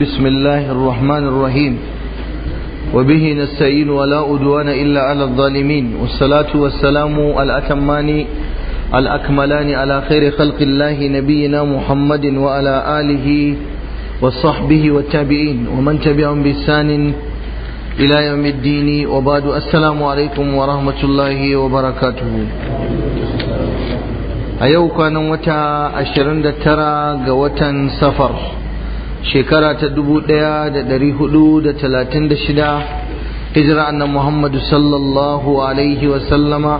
بسم الله الرحمن الرحيم وبه نستعين ولا أدوان إلا على الظالمين والصلاة والسلام الأتمان الأكملان على خير خلق الله نبينا محمد وعلى آله وصحبه والتابعين ومن تبعهم بإحسان إلى يوم الدين وبعد السلام عليكم ورحمة الله وبركاته أيوكا نوتا أشرند ترى قوة سفر shekara ta 1436 hijira annan muhammadu sallallahu alaihi wasallama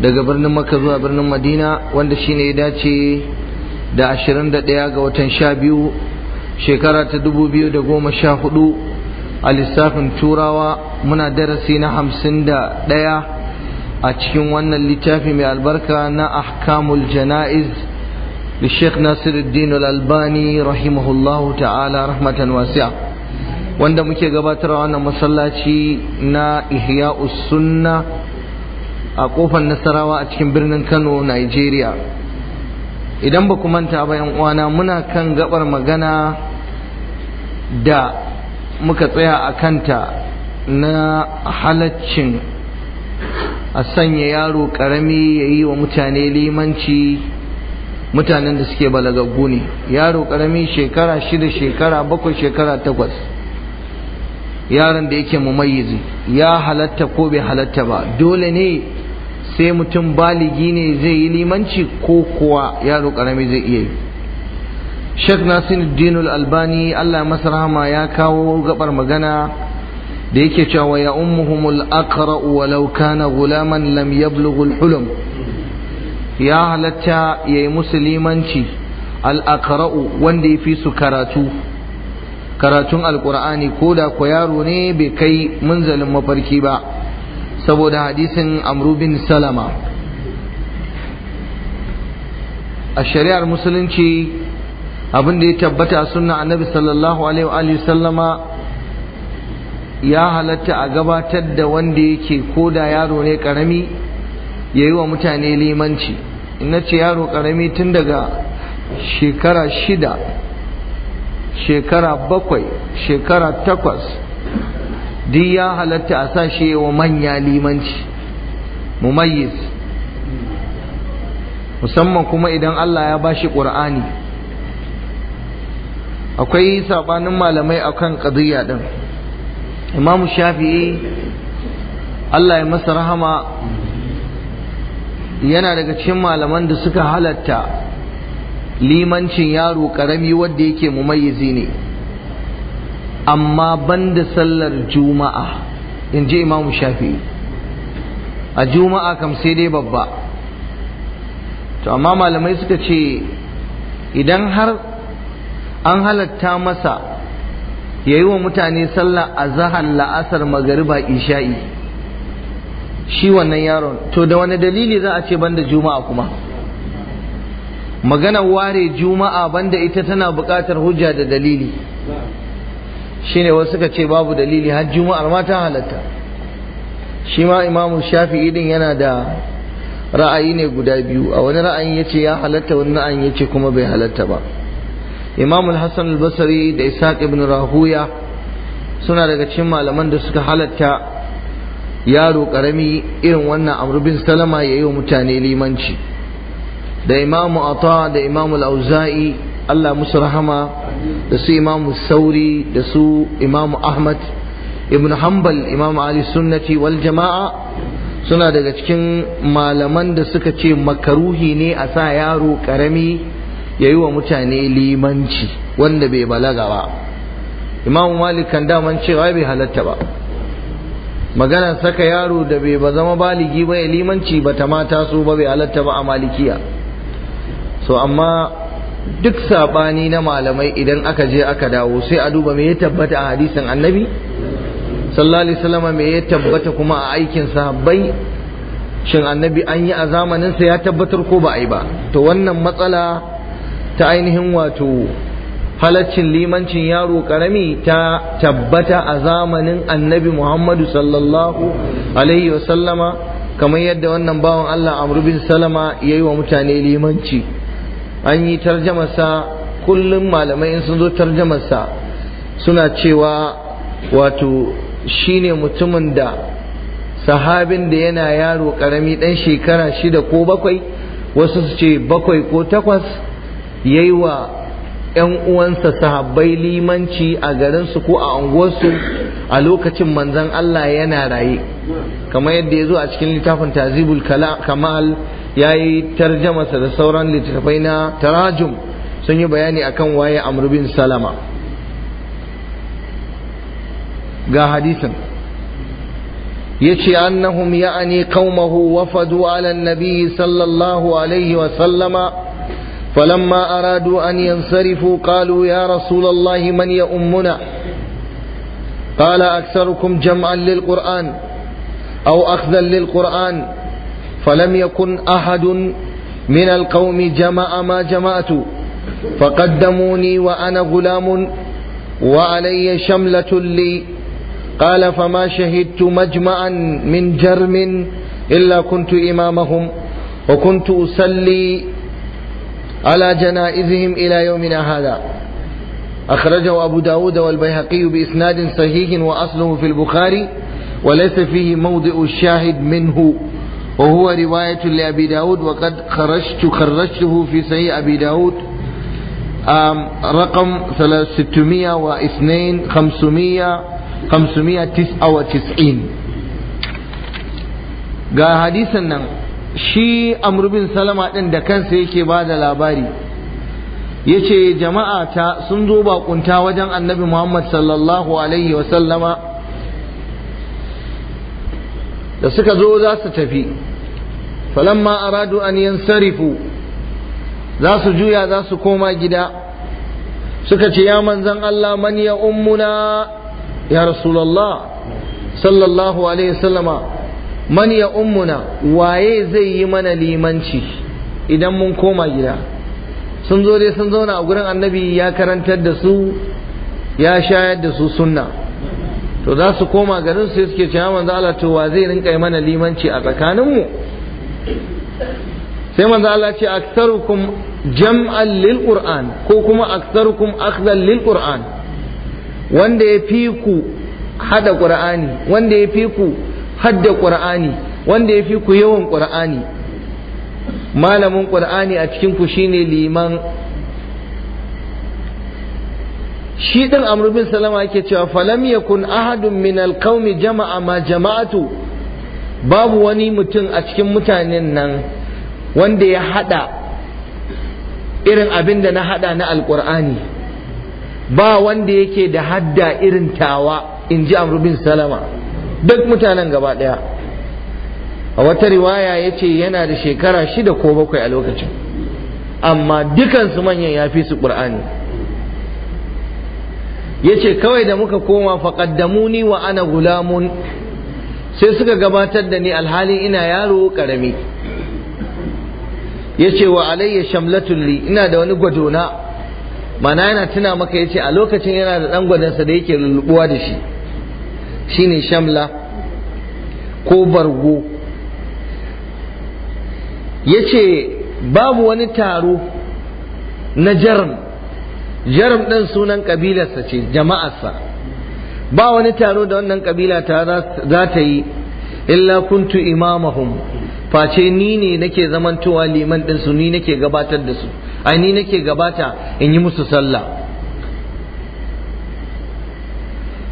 daga birnin maka zuwa birnin madina wanda shine ya dace da 21 ga watan 12 shekara ta 2014 a lissafin turawa muna darasi na hamsin da ɗaya a cikin wannan littafi mai albarka na ahkamul jana'iz للشيخ ناصر الدين الألباني رحمه الله تعالى wanda muke gabatarwa na masallaci na ihya sunna a ƙofar nasarawa a cikin birnin kano nigeria idan ba ku manta ba uwana muna kan gaɓar magana da muka tsaya a kanta na halaccin a sanya yaro ƙarami ya yi wa mutane limanci mutanen da suke balagaggu ne yaro karami shekara shida shekara bakwai shekara takwas yaron da yake mumayyizi ya halatta ko bai halatta ba dole ne sai mutum baligi ne zai yi limanci ko kuwa yaro karami zai iya yi Sheikh Nasiruddin Dinu albani Allah masa rahama ya kawo gabar magana da yake cewa ya ummuhumul aqra walau kana gulaman lam yablughu al-hulum ya halatta ya yi musulmanci al'akara'u wanda ya fi su karatu karatun alkur'ani ko da ku yaro ne bai kai munzalin mafarki ba saboda hadisin amrubin salama a shari'ar musulunci abin da ya tabbata a sunna annabi sallallahu alaihi sallama ya halatta a gabatar da wanda yake ko da yaro ne karami ya yi wa mutane limanci na ce yaro ƙarami tun daga shekara shida shekara bakwai shekara takwas duk ya halatta a sa shi wa manya limanci mumayyiz musamman kuma idan Allah ya ba shi ƙur'ani akwai sabanin malamai a kan ƙaziyya ɗin imamu shafi'i Allah ya masa rahama yana daga cikin malaman da suka halatta limancin yaro karami wadda yake mumayyizi ne amma banda sallar juma'a in ji imamu shafi'i a juma'a kam sai dai babba to amma malamai suka ce idan har an halatta masa ya yi wa mutane sallar zahar la'asar magariba isha'i shi wannan yaron to da wani dalili za a ce banda juma'a kuma maganar ware juma'a banda ita tana buƙatar hujja da dalili Shi ne wasu ka ce babu dalili har juma'ar ma ta halatta shi ma imamu shafi idin yana da ra'ayi ne guda biyu a wani ra'ayin ce ya halatta wani ra'ayin ce kuma bai halatta ba imamu al al basari da isaac ibn rahuya suna daga cikin malaman da suka halatta yaro karami irin wannan amr bin salama ya yi wa mutane limanci da imamu ata da imamu auza'i Allah musu rahama da su imamu sauri da su imamu ahmad ibn hanbal imamu ali sunnati wal jama'a suna daga cikin malaman da suka ce makaruhi ne a sa yaro karami ya yi wa mutane limanci wanda bai balaga ba imamu malik kan daman cewa bai halatta ba magana saka yaro da bai ba zama baligi ba ya limanci ba ta mata su ba bai halatta ba a malikiya so amma duk sabani na malamai idan aka je aka dawo sai a duba me ya tabbata a hadisin annabi sallallahu alaihi wasallam me ya tabbata kuma a aikin sahabbai shin annabi an yi a zamanin sa ya tabbatar ko ba a yi ba to wannan matsala ta ainihin wato halaccin limancin yaro karami ta tabbata a zamanin annabi Muhammadu sallallahu alaihi wasallama kamar yadda wannan bawan Allah Amr bin Salama ya yi wa mutane limanci an yi tarjamasa kullum malamai in sun zo tarjamasa suna cewa wato shine mutumin da sahabin da yana yaro karami dan shekara shida ko bakwai wasu su ce bakwai ko takwas yayi wa 'yan uwansa sahabbai limanci a garinsu ko a unguwarsu a lokacin manzan Allah yana raye kamar yadda ya zo a cikin littafin tazibul kamal ya yi tarjamasa da sauran littattafai na tarajum sun yi bayani akan waye amr bin salama ga hadisin yace annahum ya'ani qaumahu wafadu ala nabi sallallahu alaihi wa sallama فلما أرادوا أن ينصرفوا قالوا يا رسول الله من يؤمنا قال أكثركم جمعا للقرآن أو أخذا للقرآن فلم يكن أحد من القوم جمع ما جمعت فقدموني وأنا غلام وعلي شملة لي قال فما شهدت مجمعا من جرم إلا كنت إمامهم وكنت أصلي على جنائزهم إلى يومنا هذا أخرجه أبو داود والبيهقي بإسناد صحيح وأصله في البخاري وليس فيه موضع الشاهد منه وهو رواية لأبي داود وقد خرجت خرجته في صحيح أبي داود رقم 602 500 599 ga hadisan nan shi amrubin salama ɗin da kansa yake ba da labari ya ce jama'a ta sun zo bakunta wajen annabi muhammad sallallahu alaihi wasallama da suka zo za su tafi falamma aradu an sarifu. za su juya za su koma gida suka ce ya manzan allah man ya ummuna ya rasulallah sallallahu alaihi wasallama man ya ummuna waye zai yi mana limanci idan mun koma gida sun zo dai sun zauna a gurin annabi ya karantar da su ya shayar da su sunna to za su koma garin sai suke cewa manzo Allah to wa zai rinka yi mana limanci a tsakaninmu sai manzo Allah ce aktsarukum jam'an lil qur'an ko kuma aktsarukum akhdhan lil qur'an wanda ya fi ku hada qur'ani wanda ya fi ku hadda qur'ani wanda yafi ku yawan qur'ani malamin qur'ani a cikin ku shine liman shi din amru bin salama yake cewa falam yakun ahadun min alqaumi jama'a ma jama'atu babu wani mutum a cikin mutanen nan wanda ya hada irin abin da na hada na alqur'ani ba wanda yake da hadda irin tawa in ji amru bin salama duk mutanen gaba ɗaya a wata riwaya ya ce yana da shekara shida ko bakwai a lokacin amma dukansu manyan ya fi su ƙur'ani ya ce kawai da muka koma faƙaddamuni wa ana gulamun sai suka gabatar da ni alhali ina yaro ƙarami ya ce wa alayya shamlatulli ina da wani gwadona mana yana tuna maka ya ce a lokacin yana da ɗan gwadonsa da yake lullubuwa da shi shine shamla ko bargo yace babu wani taro na jaram jaram ɗin sunan ƙabilarsa ce jama'arsa ba wani taro da wannan ƙabila ta za ta yi illa kuntu imamahum face ni ne nake zamantowa liman ɗinsu ni nake gabatar da su ai ni nake gabata in yi musu sallah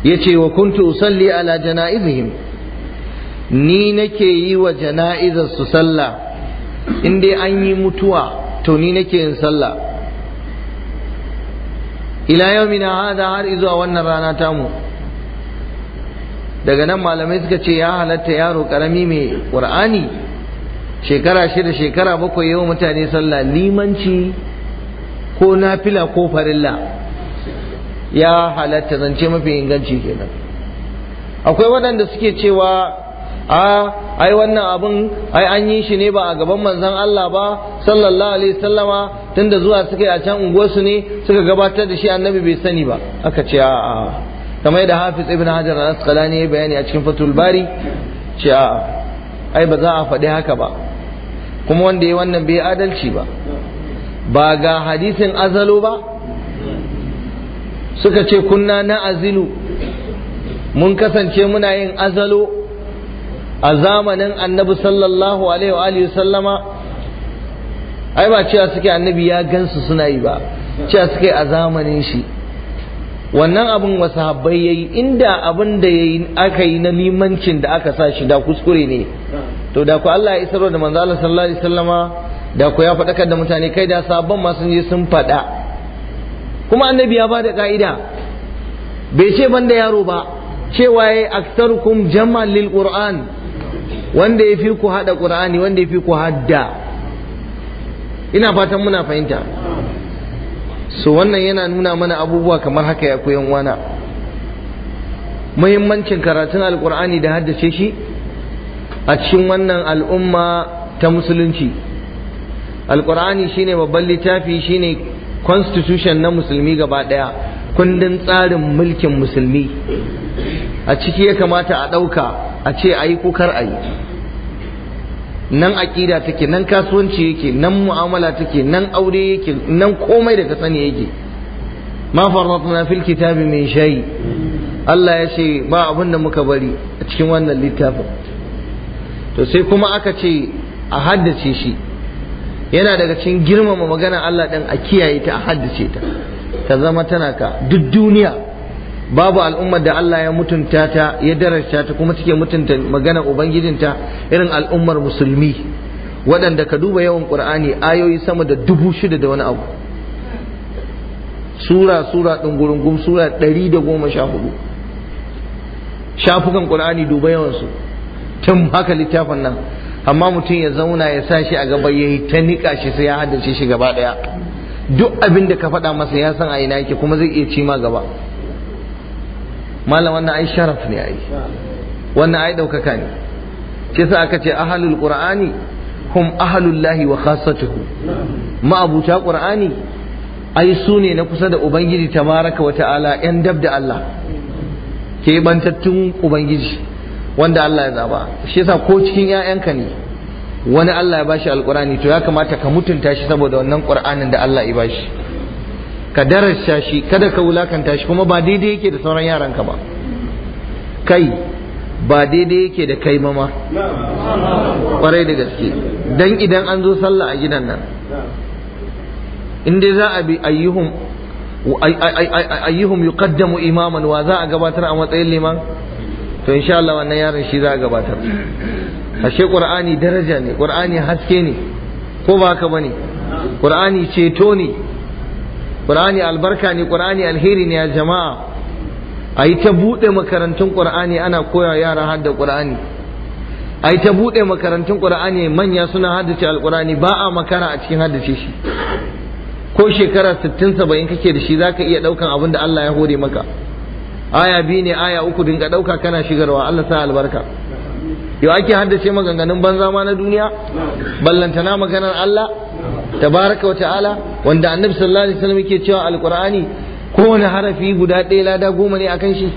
yace wa kuntu usalli ala janaizihim ni nake yi wa jana'izar su sallah in dai an yi mutuwa to ni nake yin sallah ila mina hada har a wannan rana tamu daga nan malamai suka ce ya halatta yaro karami mai ƙur'ani shekara shida shekara bakwai yau mutane sallah limanci ko nafila ko farilla ya halatta zance mafi inganci kenan akwai waɗanda suke cewa a ai wannan abin ai an yi shi ne ba a gaban manzon Allah ba sallallahu alaihi sallama tunda zuwa suka yi a can unguwarsu ne suka gabatar da shi annabi bai sani ba aka ce a'a kamar da hafiz ibn hajar al-asqalani ya bayani a cikin fatul bari ce a ai ba za a faɗi haka ba kuma wanda ya wannan bai adalci ba ba ga hadisin azalo ba suka ce kunna na azilu mun kasance muna yin azalo a zamanin annabi sallallahu alaihi wa sallama ai ba cewa suke annabi ya gansu suna yi ba cewa suke a zamanin shi wannan abin wasu habbai ya yi inda abin da ya yi aka yi na limancin da aka sa shi da kuskure ne to da ku Allah ya isarwa da manzala sallallahu alaihi sallama da ku ya faɗakar da mutane kai da sabon masu je sun faɗa kuma annabi ya bada ka'ida bai ce banda yaro ba cewa yayi aktsarukum jama'a lil qur'an wanda ya fi ku hada ƙur'ani wanda ya fi ku hadda ina fatan muna fahimta su wannan yana nuna mana abubuwa kamar haka ya koyan wana muhimmancin karatun Alƙur'ani da haddace shi a cikin wannan al'umma ta musulunci alkur'ani shine babban littafi shine constitution na musulmi gaba ɗaya kundin tsarin mulkin musulmi a ciki ya kamata a ɗauka a ce a yi ko a yi nan aƙida take nan kasuwanci yake nan mu'amala take nan aure yake nan komai da ka sani yake ma farratna fil kitabi min shay Allah ya ce ba abin da muka bari a cikin wannan littafin to sai kuma aka ce a haddace shi yana daga cikin girmama magana Allah ɗin a kiyaye ta a haddace ta ta zama tana ka duk duniya babu al'ummar da Allah ya mutunta ta ya darasta ta kuma take mutunta magana ubangijinta irin al'ummar musulmi waɗanda ka duba yawan qur'ani ayoyi sama da dubu shida da wani abu sura sura gurungum sura ɗari da goma sha hudu shafukan ƙur'ani duba yawansu tun haka littafin nan amma mutum ya zauna ya sa shi a gaba ya yi ta niƙa shi sai ya haddace shi gaba ɗaya duk abin da ka faɗa masa ya san a ina yake kuma zai iya ci ma gaba malam wannan ai sharaf ne ai wannan ai ɗaukaka ne shi sa aka ce ahalul qur'ani hum ahalul lahi wa khassatuhu ma'abuta qur'ani ai su ne na kusa da ubangiji tabaraka wa ta'ala yan dab da Allah ke bantattun ubangiji wanda Allah ya zaba shi yasa ko cikin ƴaƴanka ne wani Allah ya bashi alqur'ani to ya kamata ka mutunta shi saboda wannan qur'anin da Allah ya bashi ka darasta shi kada ka wulakanta shi kuma ba daidai yake da sauran yaranka ba kai ba daidai yake da kai ma kwarai da gaske dan idan an zo sallah a gidan nan in dai za a bi ayyuhum ayyuhum yuqaddamu imaman wa za a gabatar a matsayin liman to insha Allah wannan yaron shi za a gabatar ashe qur'ani daraja ne qur'ani haske ne ko ba ka bane qur'ani ceto ne qur'ani albarka ne qur'ani alheri ne ya jama'a a yi ta buɗe makarantun qur'ani ana koya yara hadda qur'ani a yi ta buɗe makarantun qur'ani manya suna haddace alqur'ani ba a makara a cikin haddace shi ko shekara 60 70 kake da shi zaka iya ɗaukan abin da Allah ya hore maka aya biyu ne aya uku dinga ɗauka kana shigarwa Allah sa albarka yau ake haddace maganganun banza ma na duniya ballantana maganar Allah tabaraka wa ta'ala wanda annabi sallallahu alaihi wasallam yake cewa alqur'ani kowane harafi guda ɗaya lada goma ne akan shi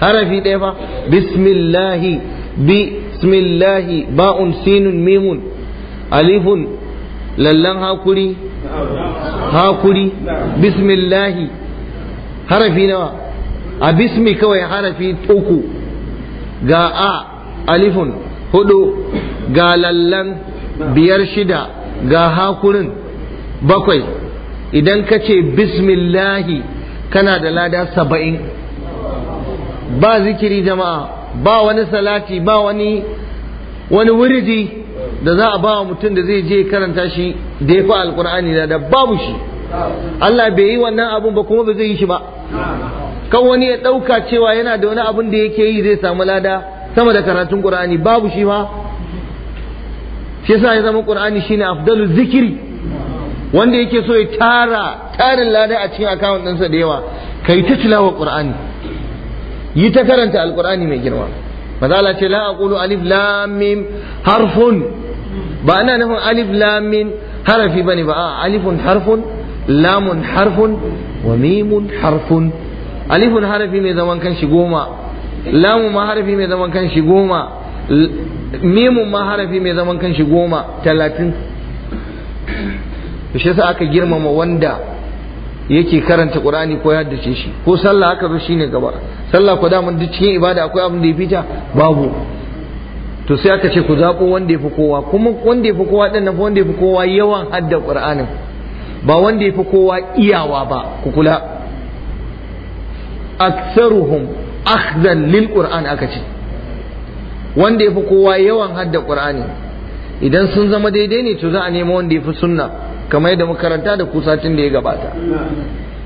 harafi ɗaya fa bismillahi bismillahi ba'un sinun mimun alifun lallan hakuri hakuri bismillahi harafi nawa a bismi kawai harafi uku ga a alifun hudu ga lallan biyar shida ga hakurin bakwai idan ka ce bismillahi kana da lada saba'in ba zikiri jama'a ba wani salati ba wani wani wuridi da za a ba wa mutum da zai je karanta shi da ya fi alkur'ani da babu shi Allah bai yi wannan abun ba kuma ba zai yi shi ba kan wani ya ɗauka cewa yana da wani abin da yake yi zai samu lada sama da karatun ƙur'ani babu shi ma shi yasa ya zama ƙur'ani shine afdalu zikiri wanda yake so ya tara tarin lada a cikin akawun ɗinsa da yawa kai ta tilawa ƙur'ani yi ta karanta alƙur'ani mai girma mazala ce la aqulu alif lam mim harfun ba ana nufin alif lam mim harafi bane ba a alifun harfun lamun harfun wa mimun harfun alifun harafi mai zaman kanshi goma lamun ma harafi mai zaman kanshi goma mimun ma harafi mai zaman kanshi goma talatin shi sa aka girmama wanda yake karanta qur'ani ko ya haddace shi ko sallah aka zo shine gaba sallah ko daman duk cikin ibada akwai abin da ya fita babu to sai aka ce ku zaɓo wanda ya fi kowa kuma wanda ya fi kowa ɗin nan wanda ya fi kowa yawan hadda ƙura'anin. ba wanda ya fi kowa iyawa ba ku kula aktsaruhum akhdan lil qur'an aka ce wanda yafi kowa yawan hadda qur'ani idan sun zama daidai ne to za a nemo wanda yafi sunna kamar yadda makaranta da kusatin da ya gabata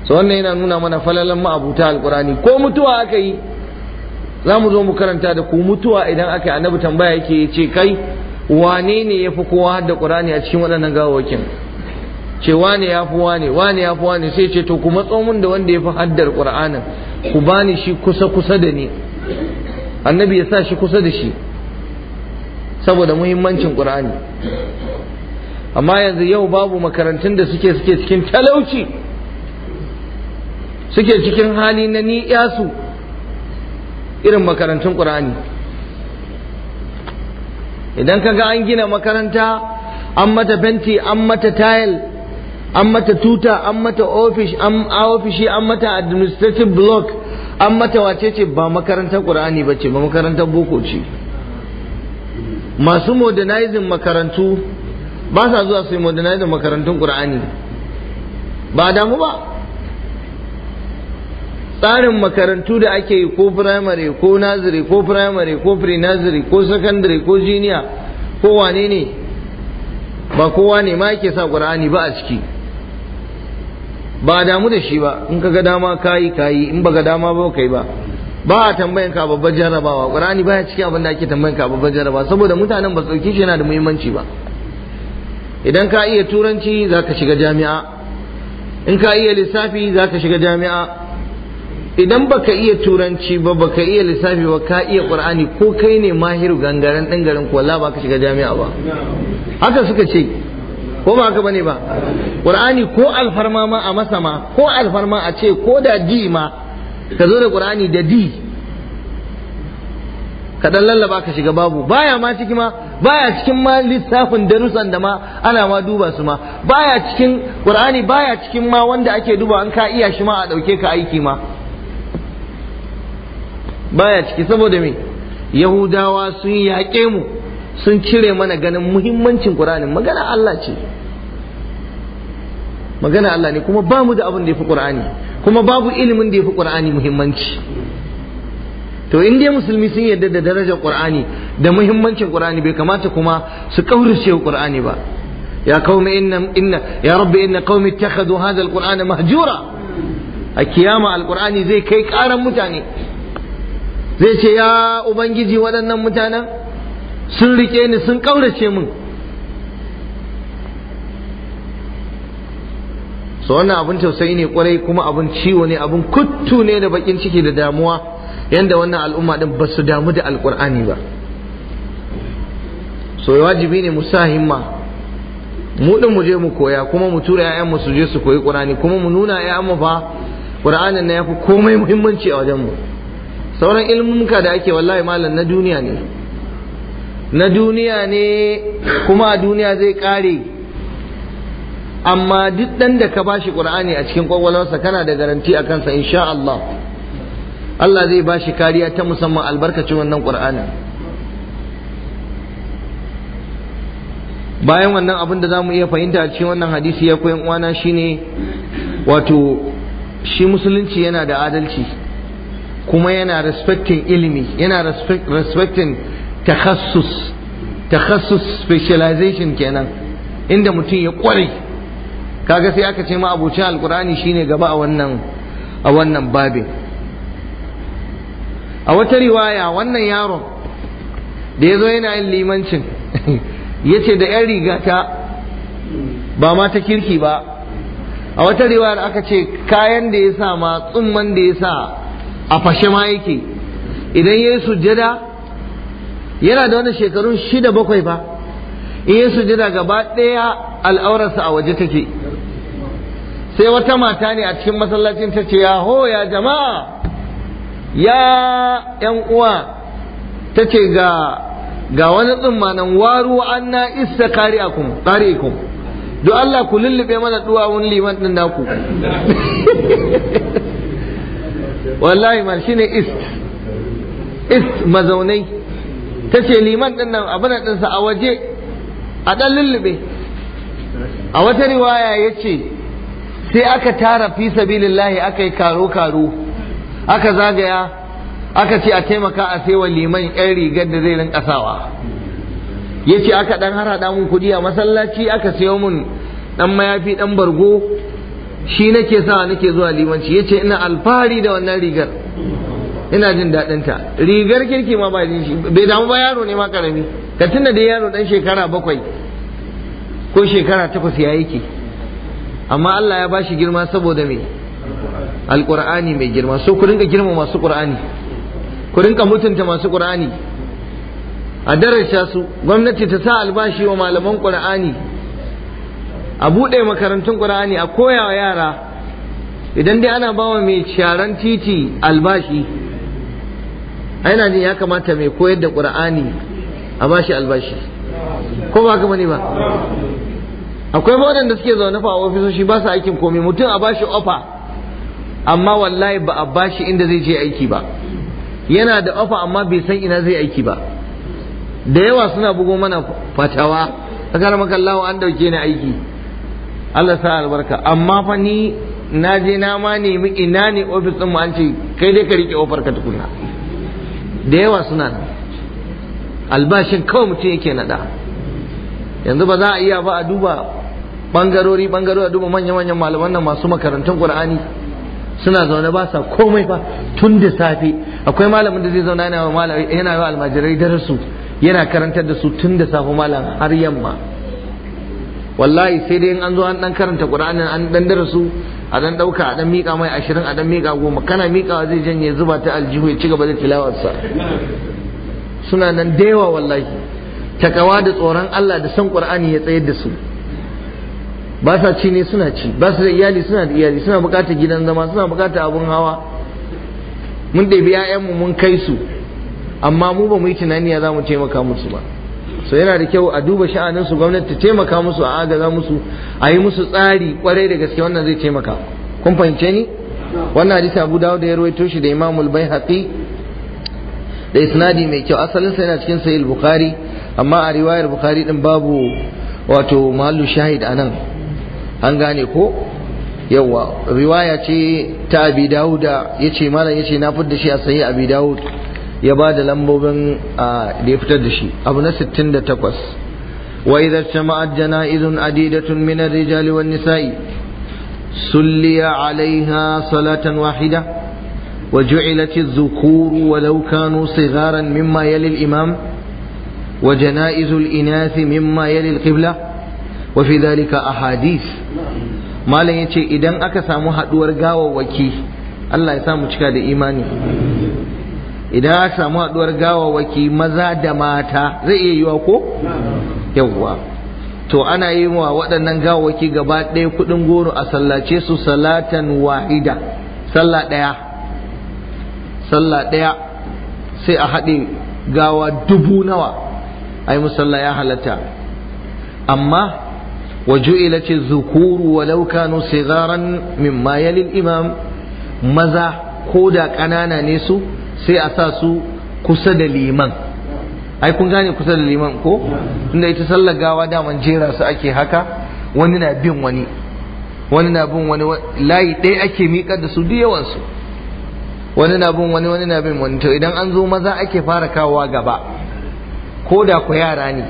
so wannan yana nuna mana falalan ma'abuta alqur'ani ko mutuwa aka yi za mu zo mu karanta da ku mutuwa idan aka yi annabi tambaya yake ce kai wane ne fi kowa hadda qur'ani a cikin waɗannan gawawakin ce wane ya fi wane wane ya fi wane sai ce to ku matso mun da wanda ya fi haddar qur'anin ku bani shi kusa kusa da ni annabi ya sa shi kusa da shi saboda muhimmancin qur'ani amma yanzu yau babu makarantun da suke suke cikin talauci suke cikin hali na ni'yasu irin makarantun qur'ani idan ka ga an gina makaranta an mata fenti an mata tayil an mata tuta an mata ofish an ofishi an mata administrative block an mata wace ce ba makarantar qur'ani ba ce ba makarantar boko ce masu modernizing makarantu ba sa zuwa su yi modernizing makarantun qur'ani ba damu ba tsarin makarantu da ake yi ko primary ko nursery ko primary ko pre nursery ko secondary ko junior ko wane ne ba kowa ne ma yake sa qur'ani ba a ciki ba damu da shi ba in ka ga dama kayi kayi in ba ga dama ba kai ba ba a tambayan ka babban jarrabawa qur'ani baya cikin abin da ake tambayan ka babban jarrabawa saboda mutanen ba su shi yana da muhimmanci ba idan ka iya turanci zaka shiga jami'a in ka iya lissafi zaka shiga jami'a idan baka iya turanci ba baka iya lissafi ba ka iya qur'ani ko kai ne mahiru gangaren dangaren garin ko ba baka shiga jami'a ba haka suka ce ko ba haka bane ba qur'ani ko alfarma ma a masa ma ko alfarma a ce ko da di ma ka zo da qur'ani da di ka dan lallaba ka shiga babu baya ma ciki ma baya cikin ma lissafin darussan da ma ana ma duba su ma baya cikin qur'ani baya cikin ma wanda ake duba an ka iya shi ma a dauke ka aiki ma baya ciki saboda me yahudawa sun yaƙe mu sun cire mana ganin muhimmancin Qur'anin magana Allah ce magana Allah ne kuma ba mu da abin da ya fi Qur'ani kuma babu ilimin da ya fi Qur'ani muhimmanci to in dai musulmi sun yarda da darajar Qur'ani da muhimmancin Qur'ani bai kamata kuma su kaurace Qur'ani ba ya qaumi inna inna ya rabbi inna qaumi ittakhadhu hadha mahjura a kiyama alqur'ani zai kai karan mutane zai ce ya ubangiji waɗannan mutanen sun rike ni sun ƙaurace min so wannan abin tausayi ne kwarai kuma abin ciwo ne abin kuttu ne da bakin ciki da damuwa yadda wannan al'umma din ba su damu da alkur'ani ba so wajibi ne mu sa himma mu din mu je mu koya kuma mu tura ya'yan mu su je su koyi qur'ani kuma mu nuna ya'yan mu fa qur'anin na yafi komai muhimmanci a wajen mu sauran ilmunka da ake wallahi malam na duniya ne na duniya ne kuma a duniya zai kare amma duk ɗan da ka bashi ƙur'ani a cikin kwakwalwarsa kana da garanti a kansa insha Allah Allah zai bashi kariya ta musamman albarkacin wannan ƙur'anin bayan wannan abin da zamu iya fahimta a cikin wannan hadisi ya koyan uwana shine wato shi musulunci yana da adalci kuma yana respecting ilimi yana respecting takhassus takhassus specialization kenan inda mutum ya kware kaga sai aka ce ma abucin alkur'ani shine gaba a wannan a wannan babin a wata riwaya wannan yaron da ya zo yana yin limancin ya ce da 'yan rigata ba ma ta kirki ba a wata riwayar aka ce kayan da ya sa ma tsumman da ya sa a fashe ma yake idan ya yi sujjada yana da wani shekaru shida bakwai ba. in yi jira gaba ɗaya al'aurarsa a waje take sai wata mata ne a cikin masallacin ta ce ya ho ya jama'a ya yan uwa ta ce ga wani tsumma waruwa an na isa kariakum kun do Allah ku lullube mana duwawun liman ɗin naku wallahi mal shine ne ist mazaunai ta ce liman ɗin nan abin ɗinsa a waje a ɗan lullube a wata riwaya ya ce sai aka tara fi sabilillahi aka yi karo-karo aka zagaya aka ce a taimaka a saiwa liman yan rigar da zai rinka sawa ya ce aka ɗan harhaɗa mun kuɗi a masallaci aka sayo mun ɗan mayafi ɗan bargo shi nake sa nake zuwa limanci ya ce ina alfahari da wannan rigar ina jin daɗin ta rigar kirki ma ba jin shi bai damu ba yaro ne ma karami ka tuna da yaro dan shekara bakwai ko shekara takwas ya yake amma Allah ya bashi girma saboda me alqur'ani mai girma so ku rinka girma masu qur'ani ku rinka mutunta masu qur'ani a darasa su gwamnati ta sa albashi wa malaman qur'ani a buɗe makarantun qur'ani a koya wa yara idan dai ana bawa mai sharan titi albashi aina ne ya kamata mai koyar da ƙura'ani a bashi albashi ko ba ka ba akwai waɗanda suke zaune fa a ofisoshi ba su aikin komai mutum a bashi ofa amma wallahi ba a bashi inda zai je aiki ba yana da ofa amma bai san ina zai aiki ba da yawa suna bugo mana fatawa tsakar lawa an dauke ni aiki Allah sa albarka amma fa ni na je na ma nemi ina ne ofis ɗin mu an ce kai dai ka rike ofar ka tukuna da yawa suna nan albashin kawai mutum yake naɗa yanzu ba za a iya ba a duba bangarori bangarori a duba manya-manyan malaman nan masu makarantun qur'ani suna zaune ba sa komai ba tun da safe akwai malamin da zai zauna yana wa yana wa almajirai darasu yana karantar da su tun da safe malam har yamma wallahi sai dai in an zo an dan karanta qur'anin an dan darasu a dan dauka a dan mika mai ashirin a dan mika goma kana mikawa zai janye zuba ta aljihu ya ci gaba da tilawarsa suna nan da yawa wallahi takawa da tsoron Allah da san Qur'ani ya tsayar da su ba sa ci ne suna ci ba su da iyali suna da iyali suna bukatar gidan zama suna bukatar abun hawa mun ɗebi 'ya'yanmu mun kai su amma mu ba mu yi tunani ya za mu taimaka musu ba so yana da kyau a duba sha'anin su gwamnati ta taimaka musu a agaza musu a yi musu tsari kwarai da gaske wannan zai taimaka kun fahimce ni wannan hadisi Abu da ya rawaito shi da imamul bai da isnadi mai kyau asalin sa yana cikin Sahih Bukhari amma a riwayar Bukhari din babu wato mahallu shahid anan an gane ko yawa riwaya ce ta Abi dawuda yace malam yace na fudda shi a Sahih Abi Dawud ya ba da lambobin da ya fitar da shi abu na 68 wa idza jama'at jana'izun adidatun min ar-rijal wan nisa'i sulliya 'alayha salatan wahida wa ju'ilat adh-dhukuru walau kanu sigharan mimma yali al-imam wa jana'iz al-inath mimma yali al-qibla wa fi dhalika ahadith malam yace idan aka samu haduwar gawawwaki Allah ya samu cika da imani idan a samu haɗuwar gawawaki maza da mata zai iya yiwa ko yawwa to ana yi wa waɗannan gawawaki gaba ɗaya kuɗin goro a sallace su salatan wahida sallah ɗaya sallah ɗaya sai a haɗe gawa dubu nawa yi musalla ya halatta amma ce zukuru wa laukanu صغارا مما يلي imam maza ko da ƙanana ne su sai a sa su kusa da liman ai kun gane kusa da liman ko inda ita sallar gawa daman jera su ake haka wani na bin wani wani na bin wani layi ɗaya ake miƙar da su duk yawansu wani na bin wani wani na bin wani to idan an zo maza ake fara kawowa gaba ko da ku yara ne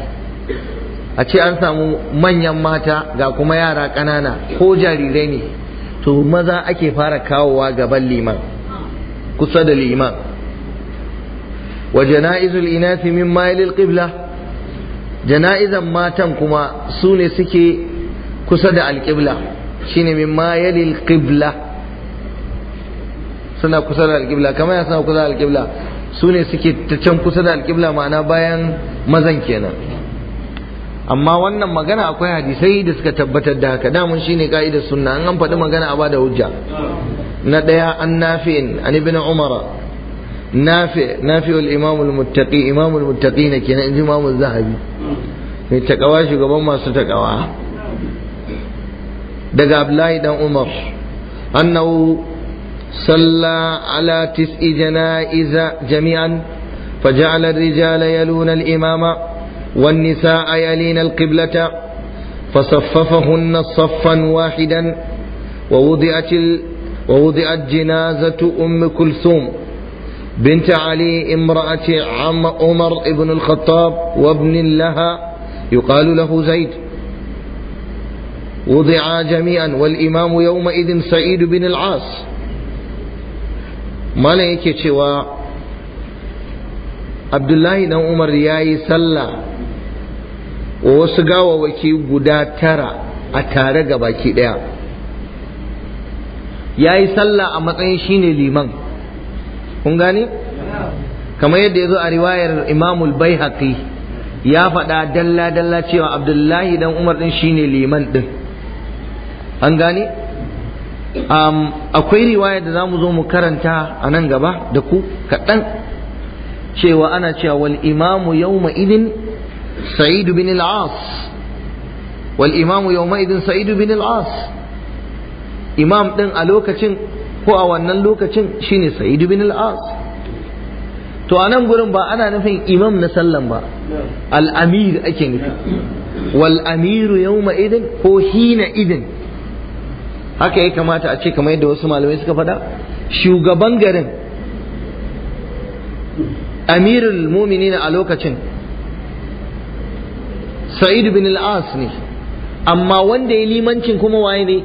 a ce an samu manyan mata ga kuma yara ƙanana ko jarirai ne to maza ake fara kawowa gaban liman kusa da liman wa jana'izul inasi min mailil qibla jana'izan matan kuma su ne suke kusa da alƙibla shine min mailil qibla suna kusa da alƙibla kamar suna kusa da alƙibla su suke ta can kusa da alƙibla ma'ana bayan mazan kenan amma wannan magana akwai hadisai da suka tabbatar da haka damun shine ka'idar suna an an faɗi magana a bada hujja na ɗaya an nafi'in an na umara nafi nafi'ul imamul muttaqi imamul muttaqina kenan inji imamul zahabi mai takawa shugaban masu takawa daga abdullahi dan umar annahu salla ala tis'i janaiza jami'an فجعل الرجال يلون الإمام والنساء يلين القبلة فصففهن صفا واحدا ووضعت, ال... ووضعت جنازة أم كلثوم بنت علي امرأة عمر ابن الخطاب وابن لها يقال له زيد وضعا جميعا والإمام يومئذ سعيد بن العاص ما yake cewa abdullahi dan umar ya yi sallah wa wasu gawawaki guda tara a tare ga baki daya ya yi sallah a matsayin shine liman kun gani kamar yadda ya zo a riwayar imamul bai haƙi ya faɗa dalla dalla cewa abdullahi dan umar shi shine liman ɗin. an gani akwai riwayar da za mu zo mu karanta a nan gaba da ku kaɗan cewa ana cewa wal imamu yau idin sa'idu bin al wal imamu yau idin sa'idu bin al imam ɗin a lokacin ko a wannan lokacin shine sa'id bin al-as to a nan gurin ba ana nufin imam na sallan ba al-amir ake nufi wal amiru yawma idin ko hina idin haka ya kamata a ce kamar yadda wasu malamai suka faɗa shugaban garin amirul muminina a lokacin sa'id bin al ne amma wanda ya limancin kuma waye ne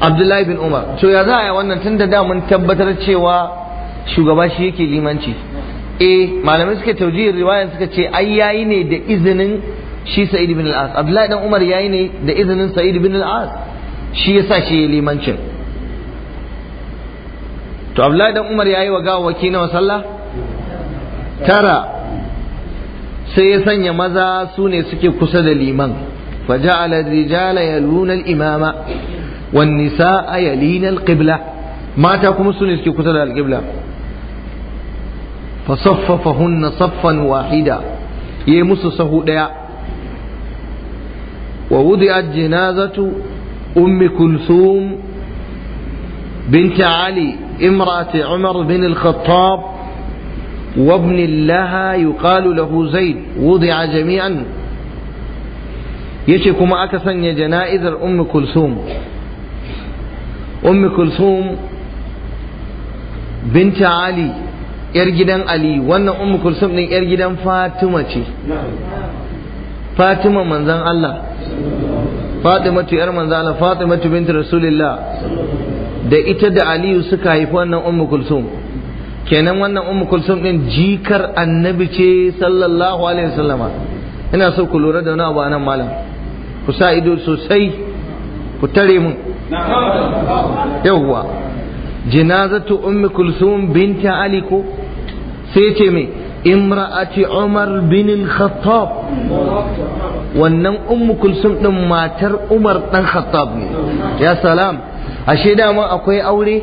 abdullahi bin umar to ya za a yi wannan tun da mun tabbatar cewa shugaba shi yake limanci E, malamai suka taujiyar riwayar suka ce ai yayi ne da izinin shi sa'id bin al abdullahi dan umar yayi ne da izinin sa'id bin al shi shi sa shi ya limancin to abdullahi dan umar yayi wa waki na sallah tara sai ya sanya maza su ne suke kusa da liman fa ja'ala rijala yaluna al-imama والنساء يلين القبلة ماتا كمسون سكي كتل القبلة فصففهن صفا واحدا يمس سهو ديا ووضعت جنازة أم كلثوم بنت علي امرأة عمر بن الخطاب وابن لها يقال له زيد وضع جميعا يشكو كما أكسن جنائز الأم كلثوم ummi kulsum binta ali yar gidan ali wannan ummi kulsum din yar gidan fatima ce fatima manzan Allah fatimatu yar manzan Allah fatimatu binti rasulillah da ita da aliyu suka haifi wannan ummi kulsum kenan wannan ummu kulsum din jikar annabi ce sallallahu alaihi wasallama ina so ku lura da wani abu anan malam ku sa ido sosai ku tare mun yawwa jinazatu ummi kulsum binta ali ko sai ce me imra'ati umar bin al-khattab wannan ummu kulsum din matar umar dan khattab ne ya salam ashe dama akwai aure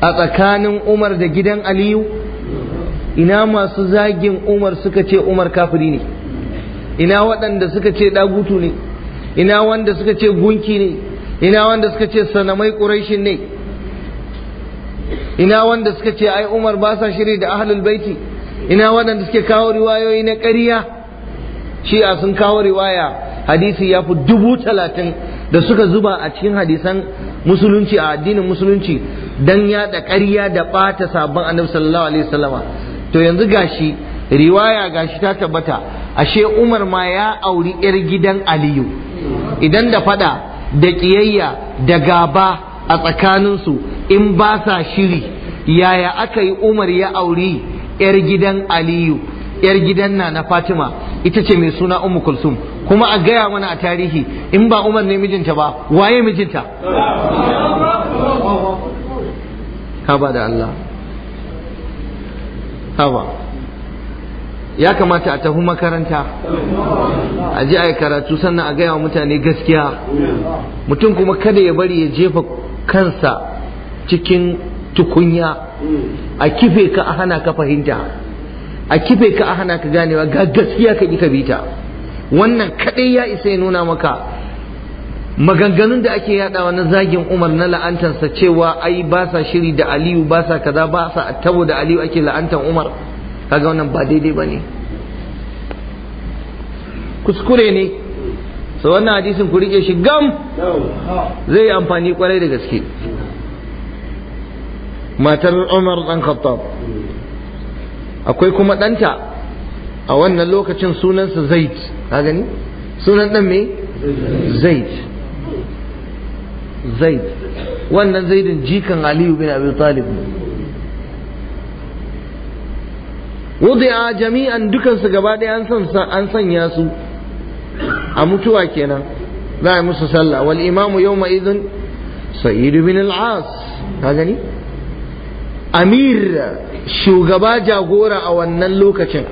a tsakanin umar da gidan aliyu ina masu zagin umar suka ce umar kafiri ne ina waɗanda suka ce ɗagutu ne ina wanda suka ce gunki ne ina wanda suka ce sanamai ƙurashin ne ina wanda suka ce ai umar ba sa shiri da ahlul baiti ina wanda suke kawo riwayoyi na ƙarya shi'a sun kawo riwaya hadisi ya fi dubu talatin da suka zuba a cikin hadisan musulunci a addinin musulunci don yaɗa ƙarya da ɓata sabon annabi sallallahu alaihi wasallama to yanzu gashi riwaya gashi ta tabbata ashe umar ma ya auri 'yar gidan aliyu idan da fada da kiyayya da gaba a tsakaninsu in ba sa shiri yaya aka yi umar ya auri 'yar gidan aliyu 'yar gidan na na fatima ita ce mai suna Umu kulsum kuma a gaya mana a tarihi in ba umar ne mijinta ba waye mijinta haba da allah haba ya kamata a tafi makaranta a ji a yi karatu sannan a gaya wa mutane gaskiya mutum kuma kada ya bari ya jefa kansa cikin tukunya a kife ka a hana ka fahimta a kife ka a hana ka ganewa ga gaskiya ka ka bita wannan kadai ya isa ya nuna maka maganganun da ake yadawa na zagin umar na la'antarsa cewa ai ba sa shiri da aliyu ba sa kaza ba sa attabu da aliyu ake la'antar umar kaga wannan ba daidai ba ne kuskure ne so wannan hadisin ku rike shi gam zai yi amfani kwarai da gaske matar umar dan khattab akwai kuma ɗanta a wannan lokacin sunansa zaid ka gani sunan ɗan me zaid zaid wannan zaidin jikan aliyu bin abi talib ne wudi'a jami'an dukansu gaba ɗaya an sanya su a mutuwa kenan za a musu sallah wal imamu yawma izin? sa'id bin al-as ka gani amir shugaba jagora a wannan lokacin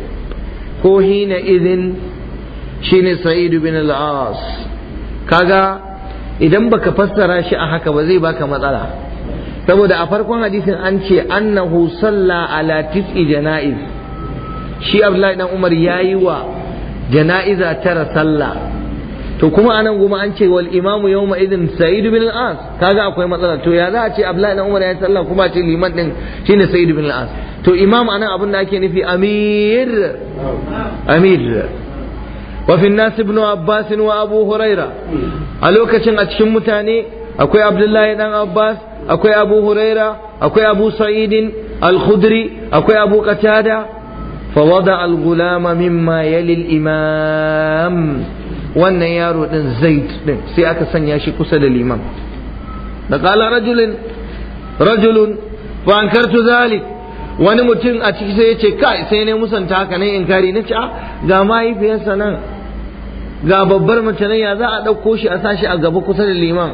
ko hina idhin shine sa'id bin al-as kaga idan baka fassara shi a haka ba zai baka matsala saboda a farkon hadisin an ce annahu salla ala tis'i jana'iz shi abdullahi dan umar ya wa jana'iza tara sallah to kuma anan goma an ce wal imamu yawma idin sa'id bin al-as kaga akwai matsala to ya za a ce abdullahi dan umar ya yi sallah kuma ce liman din shine sa'id bin al-as to imam anan abin da ake nufi amir amir wa fi nas ibn abbas wa abu huraira a lokacin a cikin mutane akwai abdullahi dan abbas akwai abu huraira akwai abu sa'idin al-khudri akwai abu qatada فوضع الغلام مما يلي الإمام wannan yaro ɗin zaid din sai aka sanya shi kusa da liman da kala rajulin rajulun wani mutum a ciki sai yace ce kai sai ne musanta haka ne inkari nace a ga mahaifiyarsa nan ga babbar mace ya za a ɗauko shi a sashi a gaba kusa da liman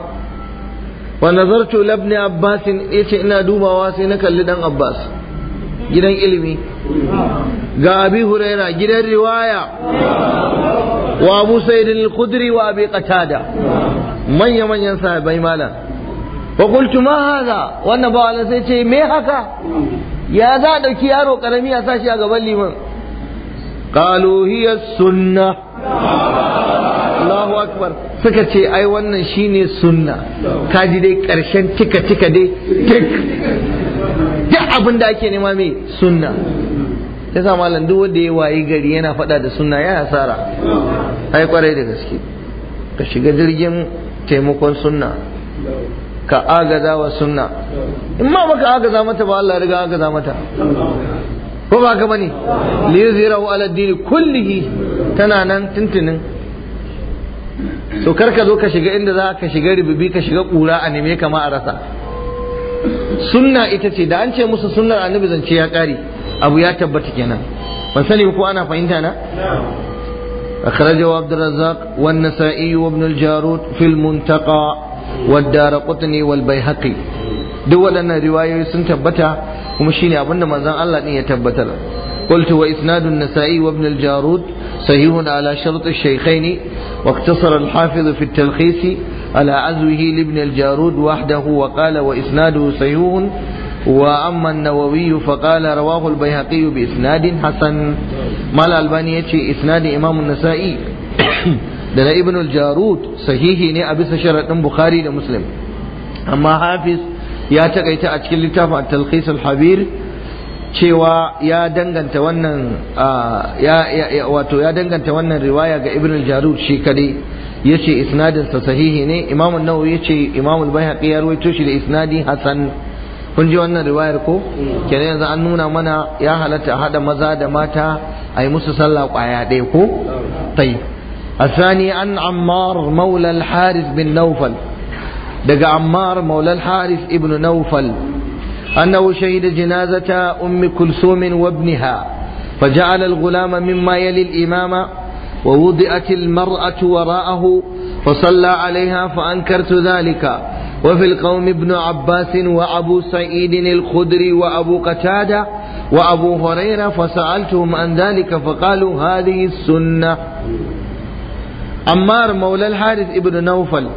wa nazartu labni abbas yace ina dubawa sai na kalli dan abbas gidan ilimi ga abi huraira gidan riwaya wa abu sayyidin al wa abi qatada manya manyan sahabbai malam fa qultu ma hadha wannan ba Allah sai ce me haka ya za dauki yaro karami a sashi a gaban liman qalu hiya sunna Allahu akbar suka ce ai wannan shine sunna kaji dai karshen tika tika dai tik abin da ake nema mai sunna Ya malam duk wanda ya wayi gari yana fada da sunna ya hasara ai kwarai da gaske ka shiga jirgin taimakon sunna ka agaza wa sunna in ma baka agaza mata ba Allah riga agaza mata ko ba ka bane li yuzirahu ala dini kullihi tana nan tuntunin so kar ka zo ka shiga inda za ka shiga ribibi ka shiga kura a neme kama a rasa sunna ita ce da an ce musu sunnar annabi zance ya kare abu ya tabbata kenan ban sani ko ana fahimta na أخرجه عبد الرزاق والنسائي وابن الجارود في المنتقى والدار قطني والبيهقي دولا رواية سنتبتها ومشيني أبن من زان الله نية تبتر قلت وإسناد النسائي وابن الجارود صحيح على شرط الشيخين واقتصر الحافظ في التلخيص على عزوه لابن الجارود وحده وقال وإسناده صحيح وأما النووي فقال رواه البيهقي بإسناد حسن ما الألباني يتشي إسناد إمام النسائي دنا ابن الجارود صحيح ني أبس شرط بخاري لمسلم أما حافظ ya takaita a لتافع التلخيص الحبير cewa ya danganta wannan ya wato ya danganta wannan riwaya ga ibn al-jarud shi kadai yace isnadinsa sahihi ne imamu nawawi yace imamu bayhaqi ya rawaito shi da isnadi hasan kun ji wannan riwayar ko kenan yanzu an nuna mana ya halatta haɗa maza da mata ai musu sallah kwaya ɗaya ko tai asani an ammar maula al-haris bin nawfal daga ammar maula al-haris ibn nawfal annahu shahida jinazata ummi kulsumin wa ibnha فجعل الغلام مما يلي الامامه ووضعت المرأة وراءه فصلى عليها فأنكرت ذلك وفي القوم ابن عباس وأبو سعيد الخدري وأبو قتادة وأبو هريرة فسألتهم عن ذلك فقالوا هذه السنة Ammar Maulal Haris ibn Naufal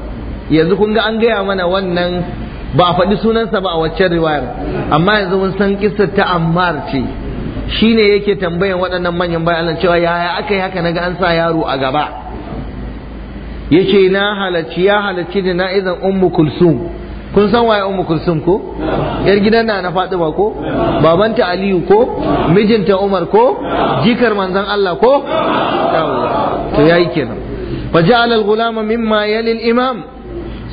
yanzu kun an gaya mana wannan ba a faɗi sunansa ba a waccan riwayar amma yanzu mun san ta Ammar ce Shi ne yake tambayan waɗannan manyan bayan Allah cewa yaya aka yi haka naga an sa yaro a gaba Ya ce na halarci ya halarci da na izan ummu kulsum kun san waye ummu kulsum ko yar gidan na na faɗi ba ko babanta aliyu ko mijinta umar ko jikar manzon Allah ko to ya yi kenan fa ja'ala al-ghulama mimma yali imam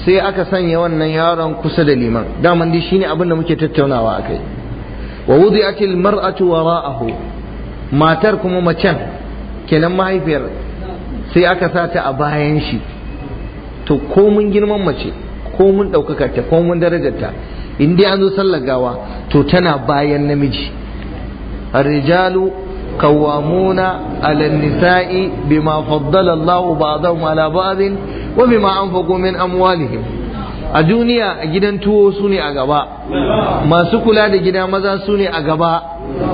sai aka sanya wannan yaron kusa da liman daman dai shine abin da muke tattaunawa akai wa wudi'at al-mar'atu wara'ahu matar kuma macen kenan mahaifiyar sai aka sa ta a bayan shi to ko mun girman mace ko mun ɗaukaka ta ko mun darajarta in an zo sallar gawa to tana bayan namiji الرجال قوامون على النساء بما فضل الله بعضهم على بعض وبما أنفقوا من أموالهم a duniya a gidan tuwo su ne a gaba masu kula da gida maza su ne a gaba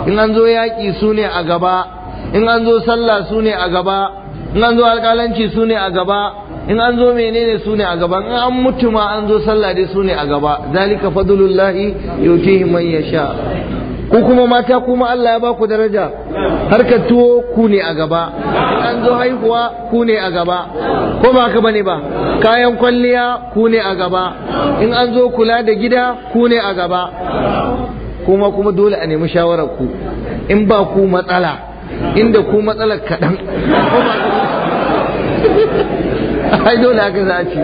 in an zo yaƙi su ne a gaba in an zo sallah su ne a gaba in an zo alƙalanci su ne a gaba in an zo menene su ne a gaba in an mutu ma an zo sallah dai su ne a gaba zalika fadlullahi yutihi man yasha ku kuma mata kuma Allah ya ba ku daraja harkar tuwo ku ne a gaba an zo haihuwa ku ne a gaba ko ba ka bane ba kayan kwalliya ku ne a gaba in an zo kula da gida ku ne a gaba kuma kuma dole a nemi shawarar ku in ba ku matsala inda ku matsalar kaɗan ai dole haka za a ce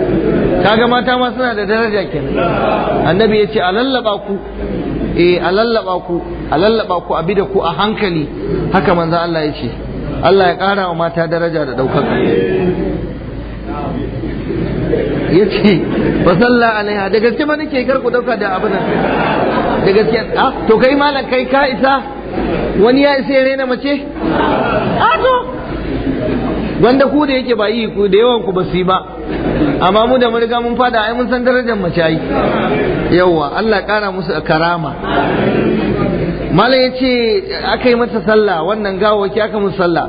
kaga mata ma suna da daraja kenan annabi ya ce a lallaba ku eh a lallaba ku a lallaba ku a bi da ku a hankali haka manzo Allah ya ce Allah ya ƙara wa mata daraja da ɗaukaka ya ce ba salla alaiha da gaske ma nake kar ku ɗauka da abin da gaske a ah, to kai malam kai ka isa wani ya isa ya rena mace a ah, to wanda ku da yake ba yi ku da yawan ku ba su yi ba amma mu da mun mun fada ai mun san darajar mace ai yawwa Allah ƙara musu karama malam ya ce aka yi mata sallah wannan gawaki aka musu sallah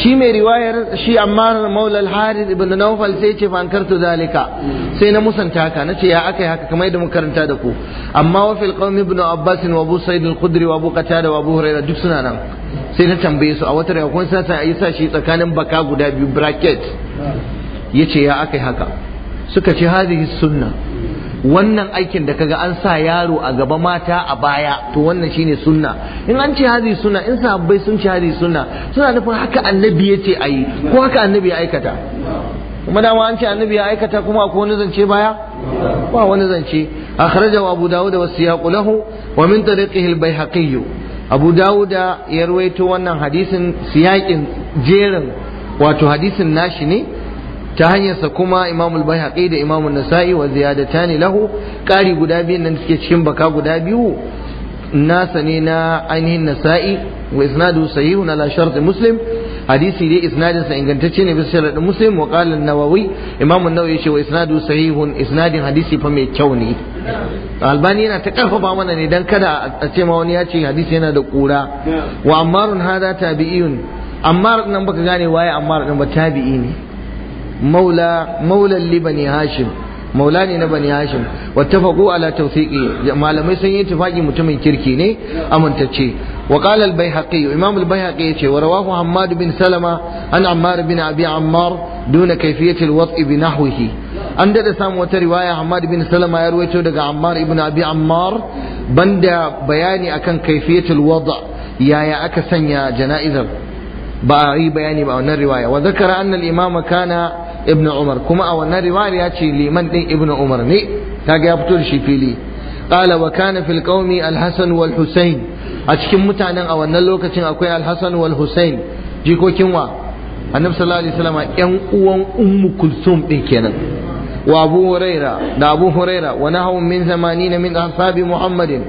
shi mai riwayar shi amma maulal harith ibn nawfal sai ce fa ankartu dalika sai na musanta haka na ce ya aka yi haka kamar yadda muka karanta da ku amma wa fil ibn abbas wa abu sa'id al khudri wa abu qatada wa abu hurairah duk suna nan sai na tambaye su a wata riwaya kun san ayi sa shi tsakanin baka guda biyu bracket yace ya aka yi haka suka ce hadhihi sunna wannan aikin da kaga an sa yaro a gaba mata a baya to wannan shine sunna in an ce hazi sunna in sahabbai sun ce hazi sunna suna nufin haka annabi yace ce ayi ko haka annabi ya aikata kuma dama an ce annabi ya aikata kuma akwai wani zance baya ba wani zance akhrajahu abu dawud wa siyaqu lahu wa min tariqihi al-baihaqi abu dawud ya rawaito wannan hadisin siyaqin jerin wato hadisin nashi ne ta hanyarsa kuma imamul bayhaqi da imamul nasa'i wa ziyadatani lahu ƙari guda biyu nan suke cikin baka guda biyu nasa ne na ainihin nasa'i wa isnadu sahihun ala sharti muslim hadisi dai isnadin sa ingantacce ne bisa sharadin muslim wa qala an-nawawi imamu an-nawawi yace wa isnadu sahihun isnadin hadisi fa mai kyau ne albani yana ta karfafa mana ne dan kada a ce ma wani ya ce hadisi yana da kura wa ammarun hada tabi'iyun ammar nan baka gane waye ammar din ba tabi'i ne maula maulan li bani hashim ne na bani hashim wattafaqu ala tawthiqi malamai sun yi tafaki mutumin kirki ne amintacce wa qala al-baihaqi imam al-baihaqi yace wa rawahu hammad bin salama an ammar bin abi ammar duna kayfiyati al-wat'i bi an dada samun wata riwaya hammad bin salama ya ruwaito daga ammar ibn abi ammar banda bayani akan kayfiyatul wad' yaya aka sanya jana'izar ba a yi bayani ba wannan riwaya wa zakara anna al ibnu umar kuma a wannan riwaya ce liman din ibnu umar ne kaga ya fito da shi fili qala wa kana fil qaumi al hasan wal a cikin mutanen a wannan lokacin akwai al hasan wal husain jikokin wa annabi sallallahu alaihi wasallam yan uwan ummu kulsum din kenan wa abu huraira da abu huraira wa nahum min zamanina min ashabi muhammadin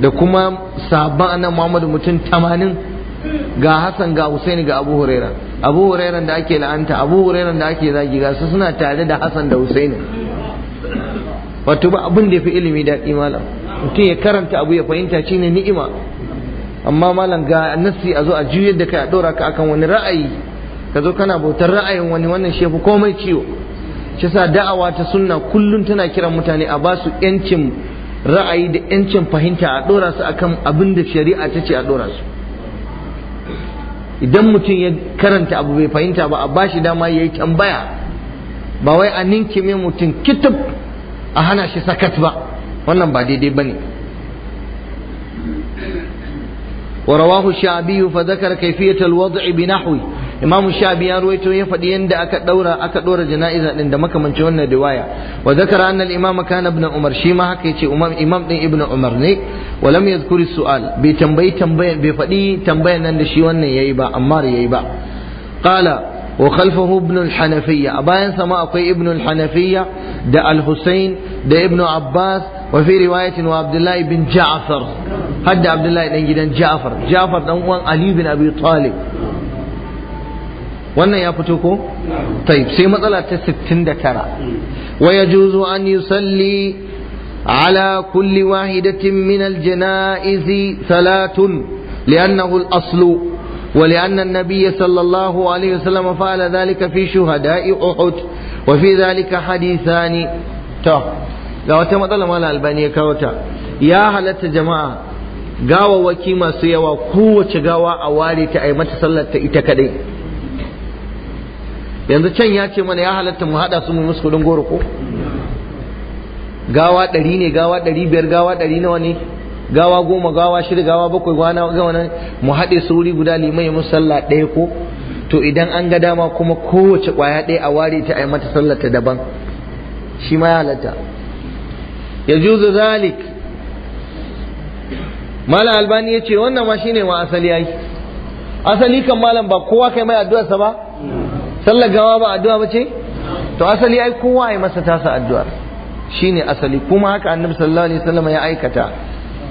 da kuma sahabban annabi muhammad mutum 80 ga hasan ga husaini ga abu huraira abu hurairan da ake la'anta abu hurairan da ake zagi gasu suna tare da hassan da husaini wato ba abin da ya fi ilimi daɗi malam mutum ya karanta abu ya fahimta shi ne ni'ima amma malam ga nassi a zo a juyar da kai a ɗora ka akan wani ra'ayi ka zo kana bautar ra'ayin wani wannan shi komai ciwo shi sa da'awa ta suna kullum tana kiran mutane a basu yancin ra'ayi da yancin fahimta a ɗora su akan abin da shari'a ta ce a ɗora su idan mutum ya karanta abu bai fahimta ba a ba shi dama ya yi tambaya ba wai a mai mutum kitub a hana shi sakat ba wannan ba daidai ba ne ورواه الشعبي فذكر كيفية الوضع nahwi imamu shabi ya ruwaito ya faɗi yadda aka ɗaura aka ɗora jana'iza ɗin da makamancin wannan riwaya wa zakara annal imam kana ibn umar shi ma haka yace umar imam ɗin ibn umar ne wa lam yadhkuri su'al bai tambayi tambaya bai faɗi tambayan nan da shi wannan yayi ba amma yayi ba qala wa khalfahu ibn al-hanafiyya a bayan sama akwai ibn al-hanafiyya da al-husayn da ibn abbas wa fi riwayatin wa abdullah ibn ja'far hadda abdullah dan gidan ja'far ja'far dan uwan ali bin abi talib wannan ya fito ko tayyib sai matsala ta 69 wa yajuzu an salli ala kulli wahidatin min al-janaiz salatun li'annahu al-aslu ولأن النبي صلى الله عليه وسلم فعل ذلك في شهداء أحد وفي ذلك حديثان تو ga wata matsala mala albani ya kawo ta ya halatta jama'a gawawwaki masu yawa kowace gawa a ware ta a yi mata sallar ta ita kadai yanzu can ya ce mana ya halatta mu haɗa su mu musu kuɗin goro ko gawa ɗari ne gawa ɗari biyar gawa ɗari nawa ne gawa goma gawa shida gawa bakwai gawa gawa mu haɗe su wuri guda limai musu sallah ɗaya ko to idan an ga dama kuma kowace ƙwaya ɗaya a ware ta a yi mata sallah ta daban shi ma ya halatta ya juzu zalik malam albani ya ce wannan ma shine ma asali yi, asali kan malam ba kowa kai mai addu'arsa ba sallar gawa ba addu'a ba ce to asali ai kowa ya masa tasa addu'ar shine asali kuma haka annabi sallallahu alaihi wasallam ya aikata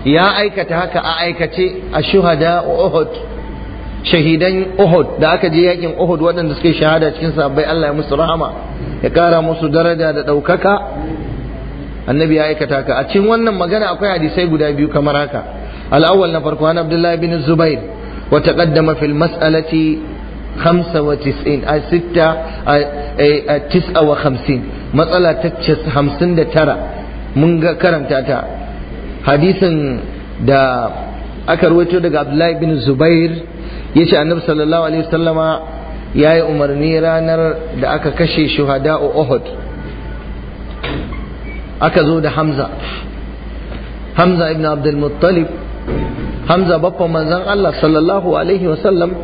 ya aikata haka a aikace a shuhada Uhud shahidan Uhud da aka je yakin Uhud waɗanda suka shahada cikin sahabbai Allah ya musu rahama ya kara musu daraja da ɗaukaka annabi ya aikata ka a cikin wannan magana akwai hadisai guda biyu kamar haka al-awwal na farko an Abdullahi bin Zubair wa taqaddama fil mas'alati خمسة وتسعين أي ستة أي تسعة وخمسين مسألة تتشس خمسين ترى من كرم تاتا حديث دا أكر ويتو عبد الله بن الزبير النبي صلى الله عليه وسلم ya yi umarni ranar da aka kashe shuhada a Uhud aka zo da Hamza Hamza ibn Abdul Muttalib Hamza babban manzon Allah sallallahu alaihi wasallam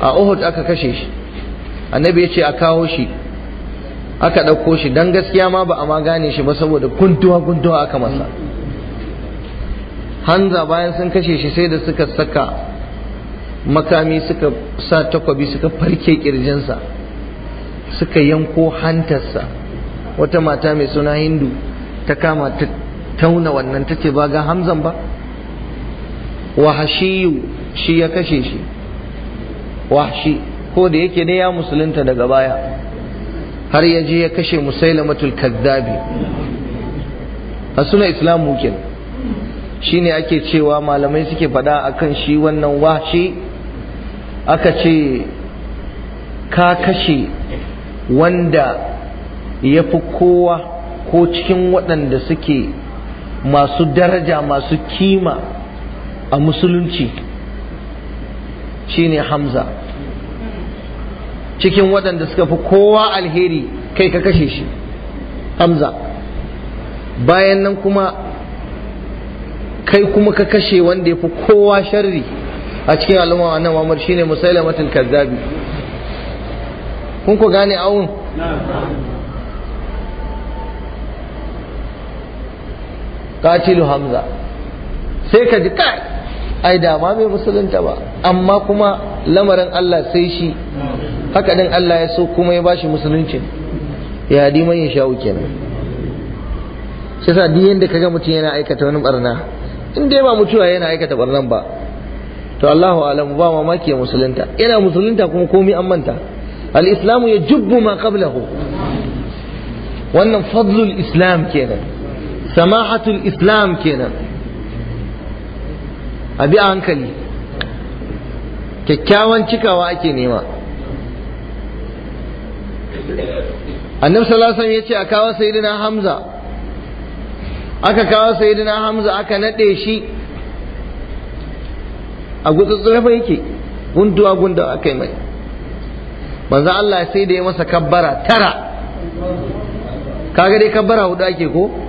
a Uhud aka kashe shi annabi ya ce a kawo shi aka ɗauko shi don gaskiya ma ba a ma gane shi ba saboda gunduwa gunduwa aka masa hanza bayan sun kashe shi sai da suka saka makami suka sa takwabi suka farke kirjinsa suka yanko hantarsa wata mata mai suna hindu ta kama ta tauna wannan ta ce ba ga hamzan ba wahashiyu shi ya kashe shi wahshi ko da yake ne ya musulunta daga baya har ya je ya kashe musailamatul kaddabi a suna mukin shi shine ake cewa malamai suke faɗa akan shi wannan wahshi aka ce ka kashe wanda ya fi kowa ko cikin waɗanda suke masu daraja masu kima a musulunci shine hamza cikin waɗanda suka fi kowa alheri kai ka kashe shi hamza bayan nan kuma kai kuma ka kashe wanda ya fi kowa sharri a cikin al'umma wannan mamar shine musailamatul kazzabi kun ku gane awun katilu hamza sai ka ji kai ai da ma mai musulunta ba amma kuma lamarin Allah sai shi haka din Allah ya so kuma ya bashi musulunci ya di man ya shawo kenan shi yasa duk yanda kaga mutum yana aikata wani barna in dai ba mutuwa yana aikata barnan ba to Allahu alam ba mamaki ya musulunta yana musulunta kuma komai an manta al ya jubbu ma qablahu wannan fadlul islam kenan samahatul islam kenan a bi a hankali kyakkyawan cikawa ake nema annabi sallallahu alaihi ya ce a kawo sayyidina hamza aka kawo sayyidina hamza aka nade shi a gutsutsurafa yake gunduwa gundawa aka yi mai manzo Allah sai da ya masa kabbara tara kaga dai kabbara hudu ake ko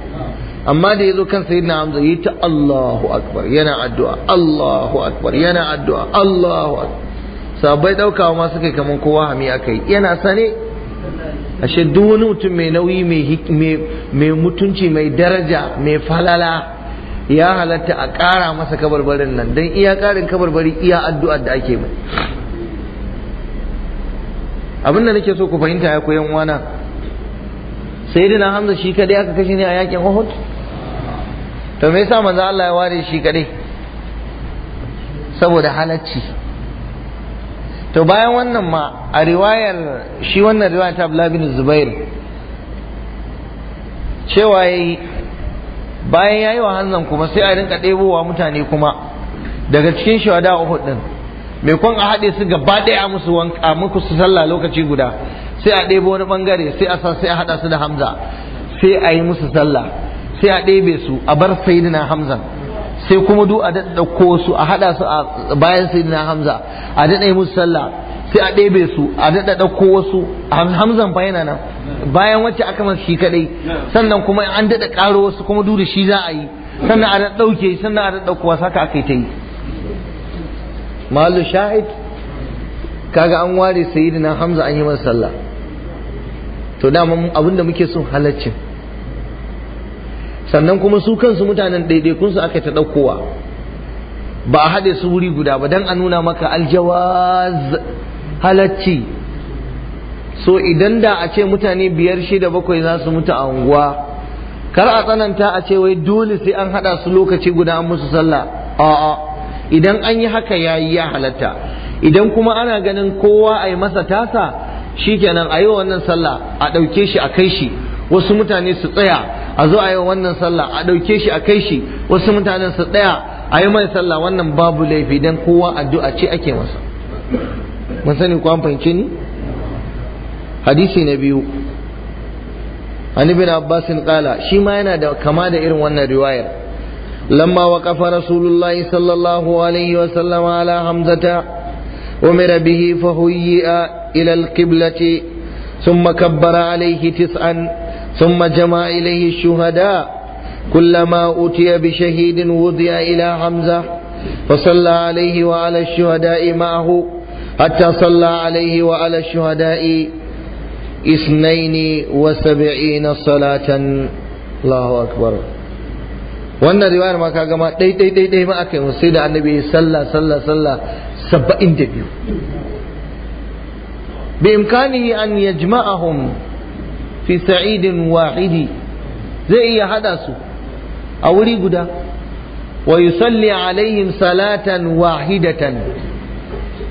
amma da ya zo kan na Hamza yi ta Allahu akbar yana addu'a Allahu akbar yana addu'a Allahu akbar sabai daukawa masu kai kamar kowa hami akai yana sane ashe shaidu wani mutum mai nauyi mai mutunci mai daraja mai falala ya halatta a ƙara masa kabarbarin nan don iya ƙarin kabarbari iya addu'ar da ake mai abin da nake so ku fahimta ya koyan wana sai hamza shi kaɗai aka kashe ne a yakin uhud to me yasa manzo Allah ya ware shi kadai saboda halacci to bayan wannan ma a riwayar shi wannan riwaya ta Abdullah bin Zubair cewa yayi bayan yayi wa hanzan kuma sai a rinka ɗebowa mutane kuma daga cikin shawada Uhud din me kun a haɗe su gaba ɗaya a musu wanka muku su sallah lokaci guda sai a ɗebo wani bangare sai a sa sai a haɗa su da Hamza sai a yi musu sallah sai a ɗebe su a bar sayidina hamza sai kuma du a daɗa su a haɗa su a bayan sayidina hamza a daɗa musu sallah sai a ɗebe su a daɗa ko wasu hamzan fa yana nan bayan wacce aka masa shi kaɗai sannan kuma an daɗa ƙaro wasu kuma du da shi za a yi sannan a daɗa ɗauke sannan a daɗa ɗauko wasu haka aka yi ta yi malu shahid kaga an ware sayidina hamza an yi masa sallah to dama abinda muke son halaccin sannan kuma su kansu mutanen ɗaiɗaikunsu aka ta ɗaukowa ba a haɗe su wuri guda ba don a nuna maka aljawaz halacci so idan da a ce mutane biyar shida bakwai za su mutu a unguwa kar a tsananta a ce wai dole sai an haɗa su lokaci guda an musu sallah a'a idan an yi haka ya yi ya halatta idan kuma ana ganin kowa a yi masa tasa shi kenan a yi wa wannan sallah a ɗauke shi a kai shi wasu mutane su tsaya a zo a yi wannan sallah a ɗauke shi a kai shi wasu mutanen su ɗaya a yi mai sallah wannan babu laifi dan kowa addu'a ce ake masa mun sani ko an ni hadisi na biyu an ibn abbas qala shi ma yana da kama da irin wannan riwayar lamma waqafa rasulullahi sallallahu alaihi wa sallama ala hamzata umira bihi fa huyya ila ثم كبر عليه ثم جمع إليه الشهداء كلما أتي بشهيد وضع إلى حمزة فصلى عليه وعلى الشهداء معه حتى صلى عليه وعلى الشهداء اثنين وسبعين صلاة الله أكبر wannan riwayar ma kaga ma dai dai dai dai ma aka yi sai da annabi sallah sallah sallah saba'in da biyu bi imkanihi an yajma'ahum fi sa'idin wahidi zai iya hada su a wuri guda wa yusalli alaihim salatan wahidatan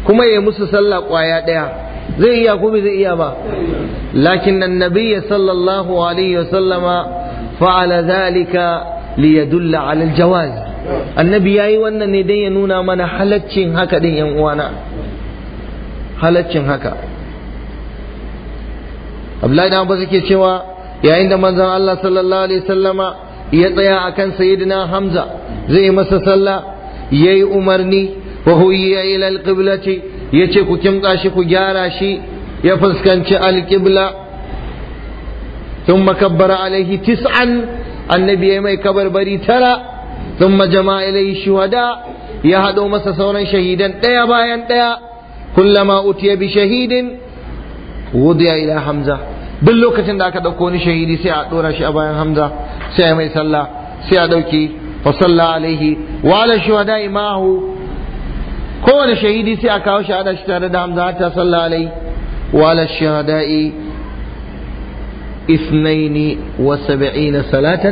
kuma ya musu sallah kwaya daya zai iya kuma zai iya ba lakin annabiyya sallallahu alaihi wasallama fa'ala dhalika liyadulla ala aljawaz annabi yayi wannan ne dan ya nuna mana halaccin haka din yan uwana halaccin haka abdullahi da abu suke cewa yayin da manzan Allah sallallahu alaihi sallama ya tsaya a kan sayidina hamza zai masa sallah ya yi umarni wa huyiya ila alƙiblati ya ce ku kimƙa shi ku gyara shi ya fuskanci alƙibla sun makabbara alaihi tis'an annabi ya mai kabar bari tara sun majama ilai shuhada ya haɗo masa sauran shahidan ɗaya bayan ɗaya kullama ya bi shahidin wudiya ila hamza duk lokacin da aka dauko ni shahidi sai a dora shi a bayan hamza sai a mai sallah sai a dauki wa sallah alaihi wa ala shuhada imahu kowane shahidi sai a kawo shi a shi tare da hamza ta sallah alaihi wa ala shuhada'i اثنين وسبعين صلاة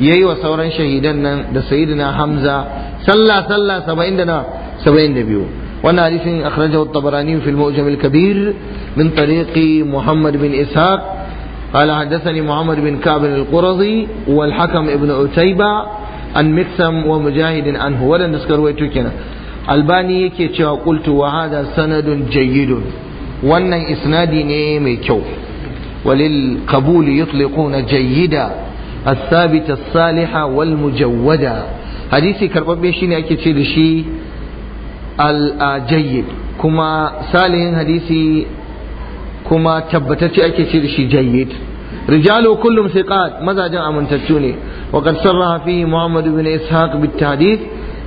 yayi wa sauran shahidan nan da sayyidina Hamza sallah sallah 70 da 72 وانا حديث اخرجه الطبراني في المؤجم الكبير من طريق محمد بن اسحاق قال حدثني محمد بن كعب القرظي والحكم ابن عتيبة عن مكسم ومجاهد عنه ولن نذكر ويتوكنا الباني يكي cewa قلت وهذا سند جيد wannan isnadi ne mai kyau walil kabuli yutliquna jayyida الثابت الصالحة والمجودة hadisi karbabbe shine ake ce da shi al-jayyid kuma salihin hadisi kuma tabbatacce ake ce da shi jayyid rijalu kullum thiqat mazajen amintattu ne wa kan sarraha fi Muhammad ibn Ishaq bit tahdith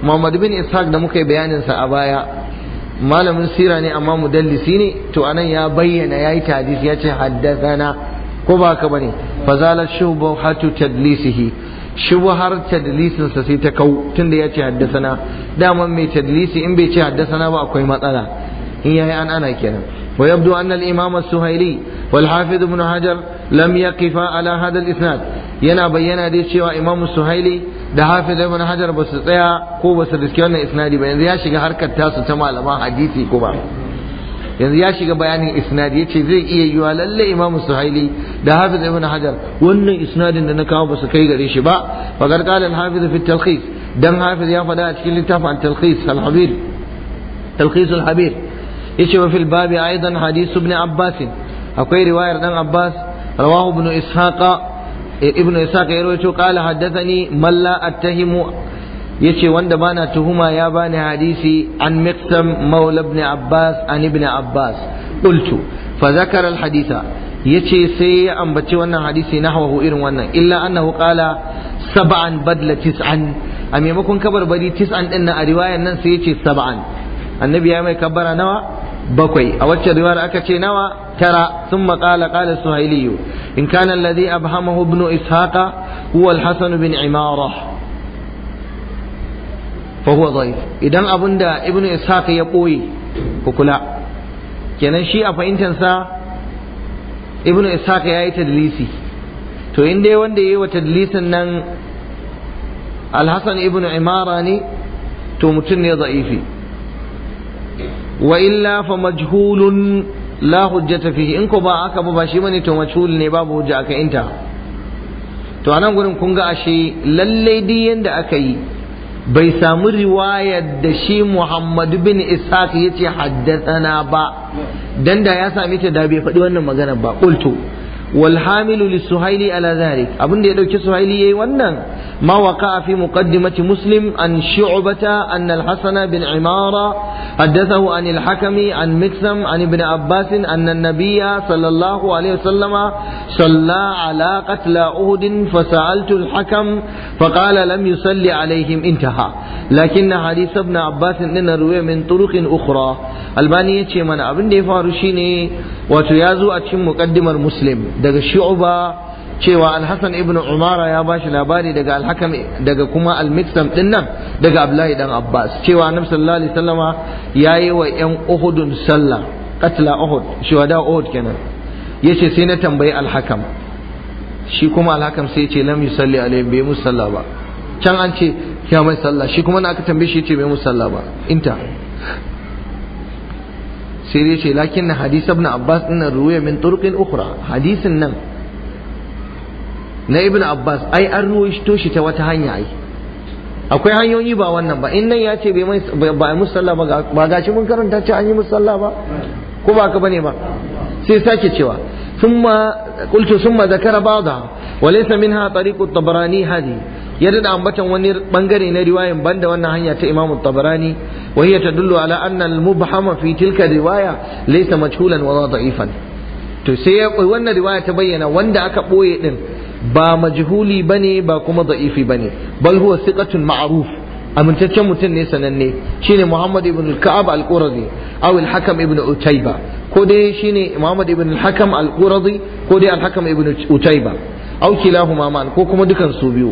Muhammad ibn Ishaq da muka yi bayanin sa a baya malamin sira ne amma mudallisi ne to anan ya bayyana yayi tahdith ya ce haddathana ko ba ka bane fazalat shubhatu tadlisihi shubuhar tadlisin sa sai ta kau tunda ya ce haddasana dama mai tadlisi in bai ce haddasana ba akwai matsala in yayi an ana kenan wa yabdu anna al imam as suhayli wal hafiz ibn hajar lam yaqifa ala hadha al-isnad yana bayyana dai cewa imam as-suhayli da hafiz ibn hajar ba tsaya ko basu su riske wannan isnadi ba yanzu ya shiga harkar tasu ta malaman hadisi ko ba yanzu ya shiga bayanin isnadi yace zai iya yiwa lalle imamu Suhaili da Hafiz Ibn Hajar wannan isnadin da na kawo ba su kai gare shi ba fa qala al-Hafiz fi dan Hafiz ya fada a cikin littafin talkhis al-Habir talkhis al-Habir yace wa fil babi aidan hadith Ibn Abbas akwai riwayar dan Abbas rawahu Ibn Ishaq Ibn Ishaq ya rawaito qala haddathani man la attahimu yace wanda bana tuhuma ya bani hadisi an miqtam maula ibn abbas an ibn abbas qultu fa zakara al haditha yace sai ya ambaci wannan hadisi nahwahu irin wannan illa annahu qala sab'an badla tis'an a maimakon kabarbari tis'an din na a riwayar nan sai yace sab'an annabi ya mai kabbara nawa bakwai a wacce riwayar aka ce nawa ترى ثم قال قال السهيلي إن كان الذي أبهمه ishaka إسحاق هو bin بن عمارة fa huwa dhaif idan abin da ibnu ishaq ya koyi ku kula kenan shi a fahimtar sa ibnu ishaq ya yi tadlisi to in dai wanda yayi wa tadlisin nan alhasan ibnu imara ne to mutum ne dha'ifi wa illa fa majhulun la hujjata fihi in ko ba aka ba ba shi bane to majhul ne babu hujja aka inta to anan gurin kun ga ashe lalle duk yanda aka yi bai samu riwayar da shi Muhammadu bin Ishaq yace haddathana ba dan da ya sami ta da bai faɗi wannan magana ba qultu wal hamilu li suhaili ala zalik abin da ya dauki suhaili yayi wannan ma waqa fi muqaddimati muslim an shu'bata an al bin imara haddathahu an al hakami an miksam an ibn abbas an an nabiyya sallallahu alaihi wasallam salla ala qatla uhud fa sa'altu al hakam fa qala lam yusalli alaihim intaha lakin hadith ibn abbas dinna ruwaya min turuq ukhra albani yace mana abin da ya faru shine wato ya zo a cikin muqaddimar muslim daga shu'ba cewa alhassan ibn umara ya ba shi labari daga alhakam daga kuma almiksam din nan daga abdullahi dan abbas cewa annabi sallallahu alaihi ya yi wa yan uhudun sallah qatla uhud shuhada uhud kenan ya ce sai na tambayi alhakam shi kuma alhakam sai ce lam yusalli alaihi bai musalla ba can an ce ya mai sallah shi kuma na aka tambaye shi ce bai musalla ba inta sai dai ce lakin na hadis ibn abbas din nan ruwaya min turqin ukhra hadisin nan na ibn abbas ai an ruwaito shi ta wata hanya ai akwai hanyoyi ba wannan ba in nan ya ce ba a musalla ba ba ga shi mun karanta ce an yi musalla ba ko ba ka bane ba sai sake cewa summa qultu summa zakara ba'da wa laysa minha tariqu at-tabarani hadi ya da ambatan wani bangare na riwayan banda wannan hanya ta imamu tabarani وهي تدل على أن المبهم في تلك الرواية ليس مجهولا ولا ضعيفا to sai ya wannan riwaya ta bayyana wanda aka boye din ba majhuli bane ba kuma da'ifi bane bal huwa siqatun ma'ruf amintaccen mutum ne sananne shine Muhammad ibn al-Ka'ab al-Qurazi aw al-Hakam ibn Utayba ko dai shine Muhammad ibn al-Hakam ko dai al-Hakam ibn Utayba ko kuma dukan su biyu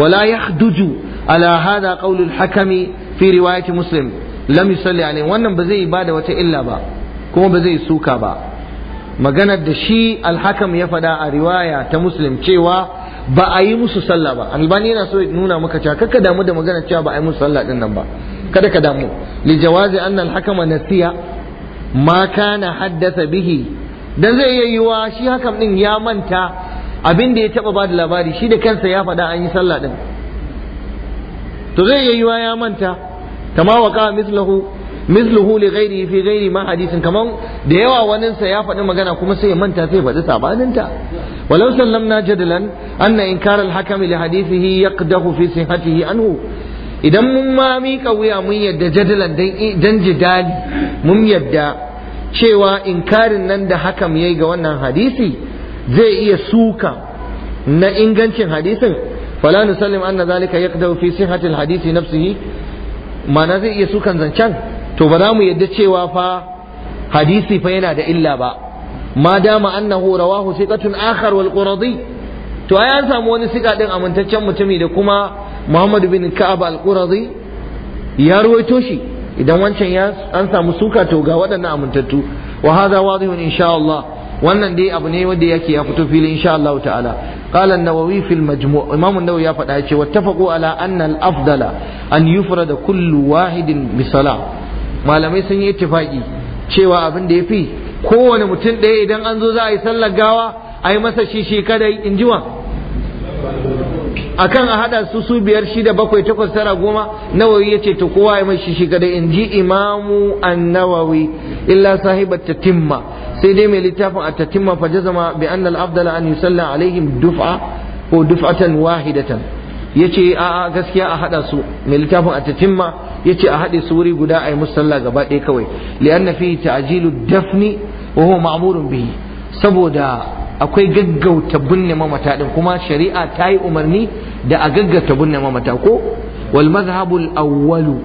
wala yahduju ala hada qawl al-Hakami fi riwayati muslim lam yusalli alaihi wannan ba zai bada wata illa ba kuma ba zai suka ba maganar da shi alhakam ya faɗa a riwaya ta muslim cewa ba a yi musu sallah ba albani yana so ya nuna maka cewa kakka damu da maganar cewa ba a yi musu sallah din nan ba kada ka damu li jawazi anna alhakama nasiya ma kana haddasa bihi dan zai iya yiwa shi hakan din ya manta abin da ya taba bada labari shi da kansa ya faɗa an yi sallah din to zai iya yiwa ya manta kama waqa mithluhu mithluhu li ghairihi fi ghairi ma hadithin kaman da yawa wanin sa ya faɗi magana kuma sai ya manta sai faɗi sabanin ta walau sallamna jadalan anna inkar al yaqdahu anhu idan mun ma miƙa wuya mun yadda jadalan dan jidali mun yadda cewa inkarin nan da hakam yayi ga wannan hadisi zai iya suka na ingancin hadisin fala nusallim anna zalika yaqdahu fi sihhati al hadisi nafsihi mana zai iya sukan zancen to ba za mu yadda cewa fa hadisi fa yana da illa ba ma dama annahu rawahu siqatun akhar wal quradi to ai an samu wani siga din amintaccen mutumi da kuma Muhammad bin Ka'ab al-Quradi ya ruwaito shi idan wancan ya an samu suka to ga waɗannan amintattu wa hadha wadihun insha Allah wannan dai abu ne wanda yake ya fito fili insha Allah ta'ala qala an-nawawi fil majmu' imam an-nawawi ya faɗa cewa ce ala anna al-afdala an da kullu wahidin misala. malamai sun yi ittifaqi cewa abin da fi kowane mutum ɗaya idan an zo za a yi sallar gawa a yi masa shi shi kadai in jiwa akan a hada su su biyar shida bakwai takwas tara goma nawawi ya ce kowa ya mai shi kadai in ji imamu annawawi illa sahibat tatimma sai dai mai littafin a fa jazama bi annal al afdala an yusalla alaihim duf'a ko duf'atan wahidatan ya ce a gaskiya a haɗa su mai littafin a tatimma ya ce a haɗe su wuri guda a yi musu sallah gaba ɗaya kawai na fi ta'jilu dafni wa huwa ma'murun bihi saboda akwai gaggauta binne mamata din kuma shari'a ta yi umarni da a gaggauta binne mamata ko wal mazhabul awwalu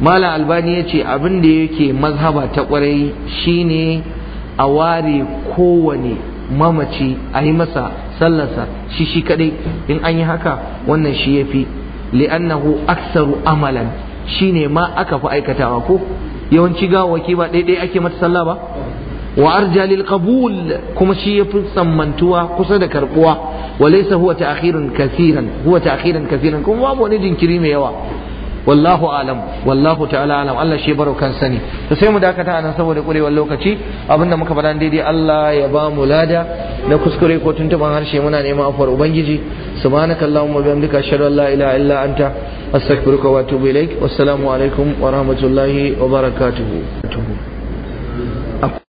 mala albani ya ce abin da yake mazhaba ta kwarai shine a ware kowane mamaci a yi masa sallarsa shi shi kadai in an yi haka wannan shi yafi li'annahu aksaru amalan shine ma aka fi aikatawa ko yawanci gawaki ba daidai ake mata sallah ba wa arja lil qabul kuma shi yafi sammantuwa kusa da karbuwa wa laysa huwa ta'khirun kaseeran huwa ta'khirun kaseeran kuma babu wani jinkiri mai yawa wallahu alam wallahu ta'ala alam Allah shi baro kan sani to sai mu dakata anan saboda kurewar lokaci abinda muka faɗa daidai Allah ya ba mu lada na kuskure ko tuntuban harshe muna neman afuwar ubangiji subhanakallahumma wa bihamdika ashhadu an la ilaha illa anta astaghfiruka wa atubu ilaik wassalamu alaikum wa rahmatullahi wa barakatuhu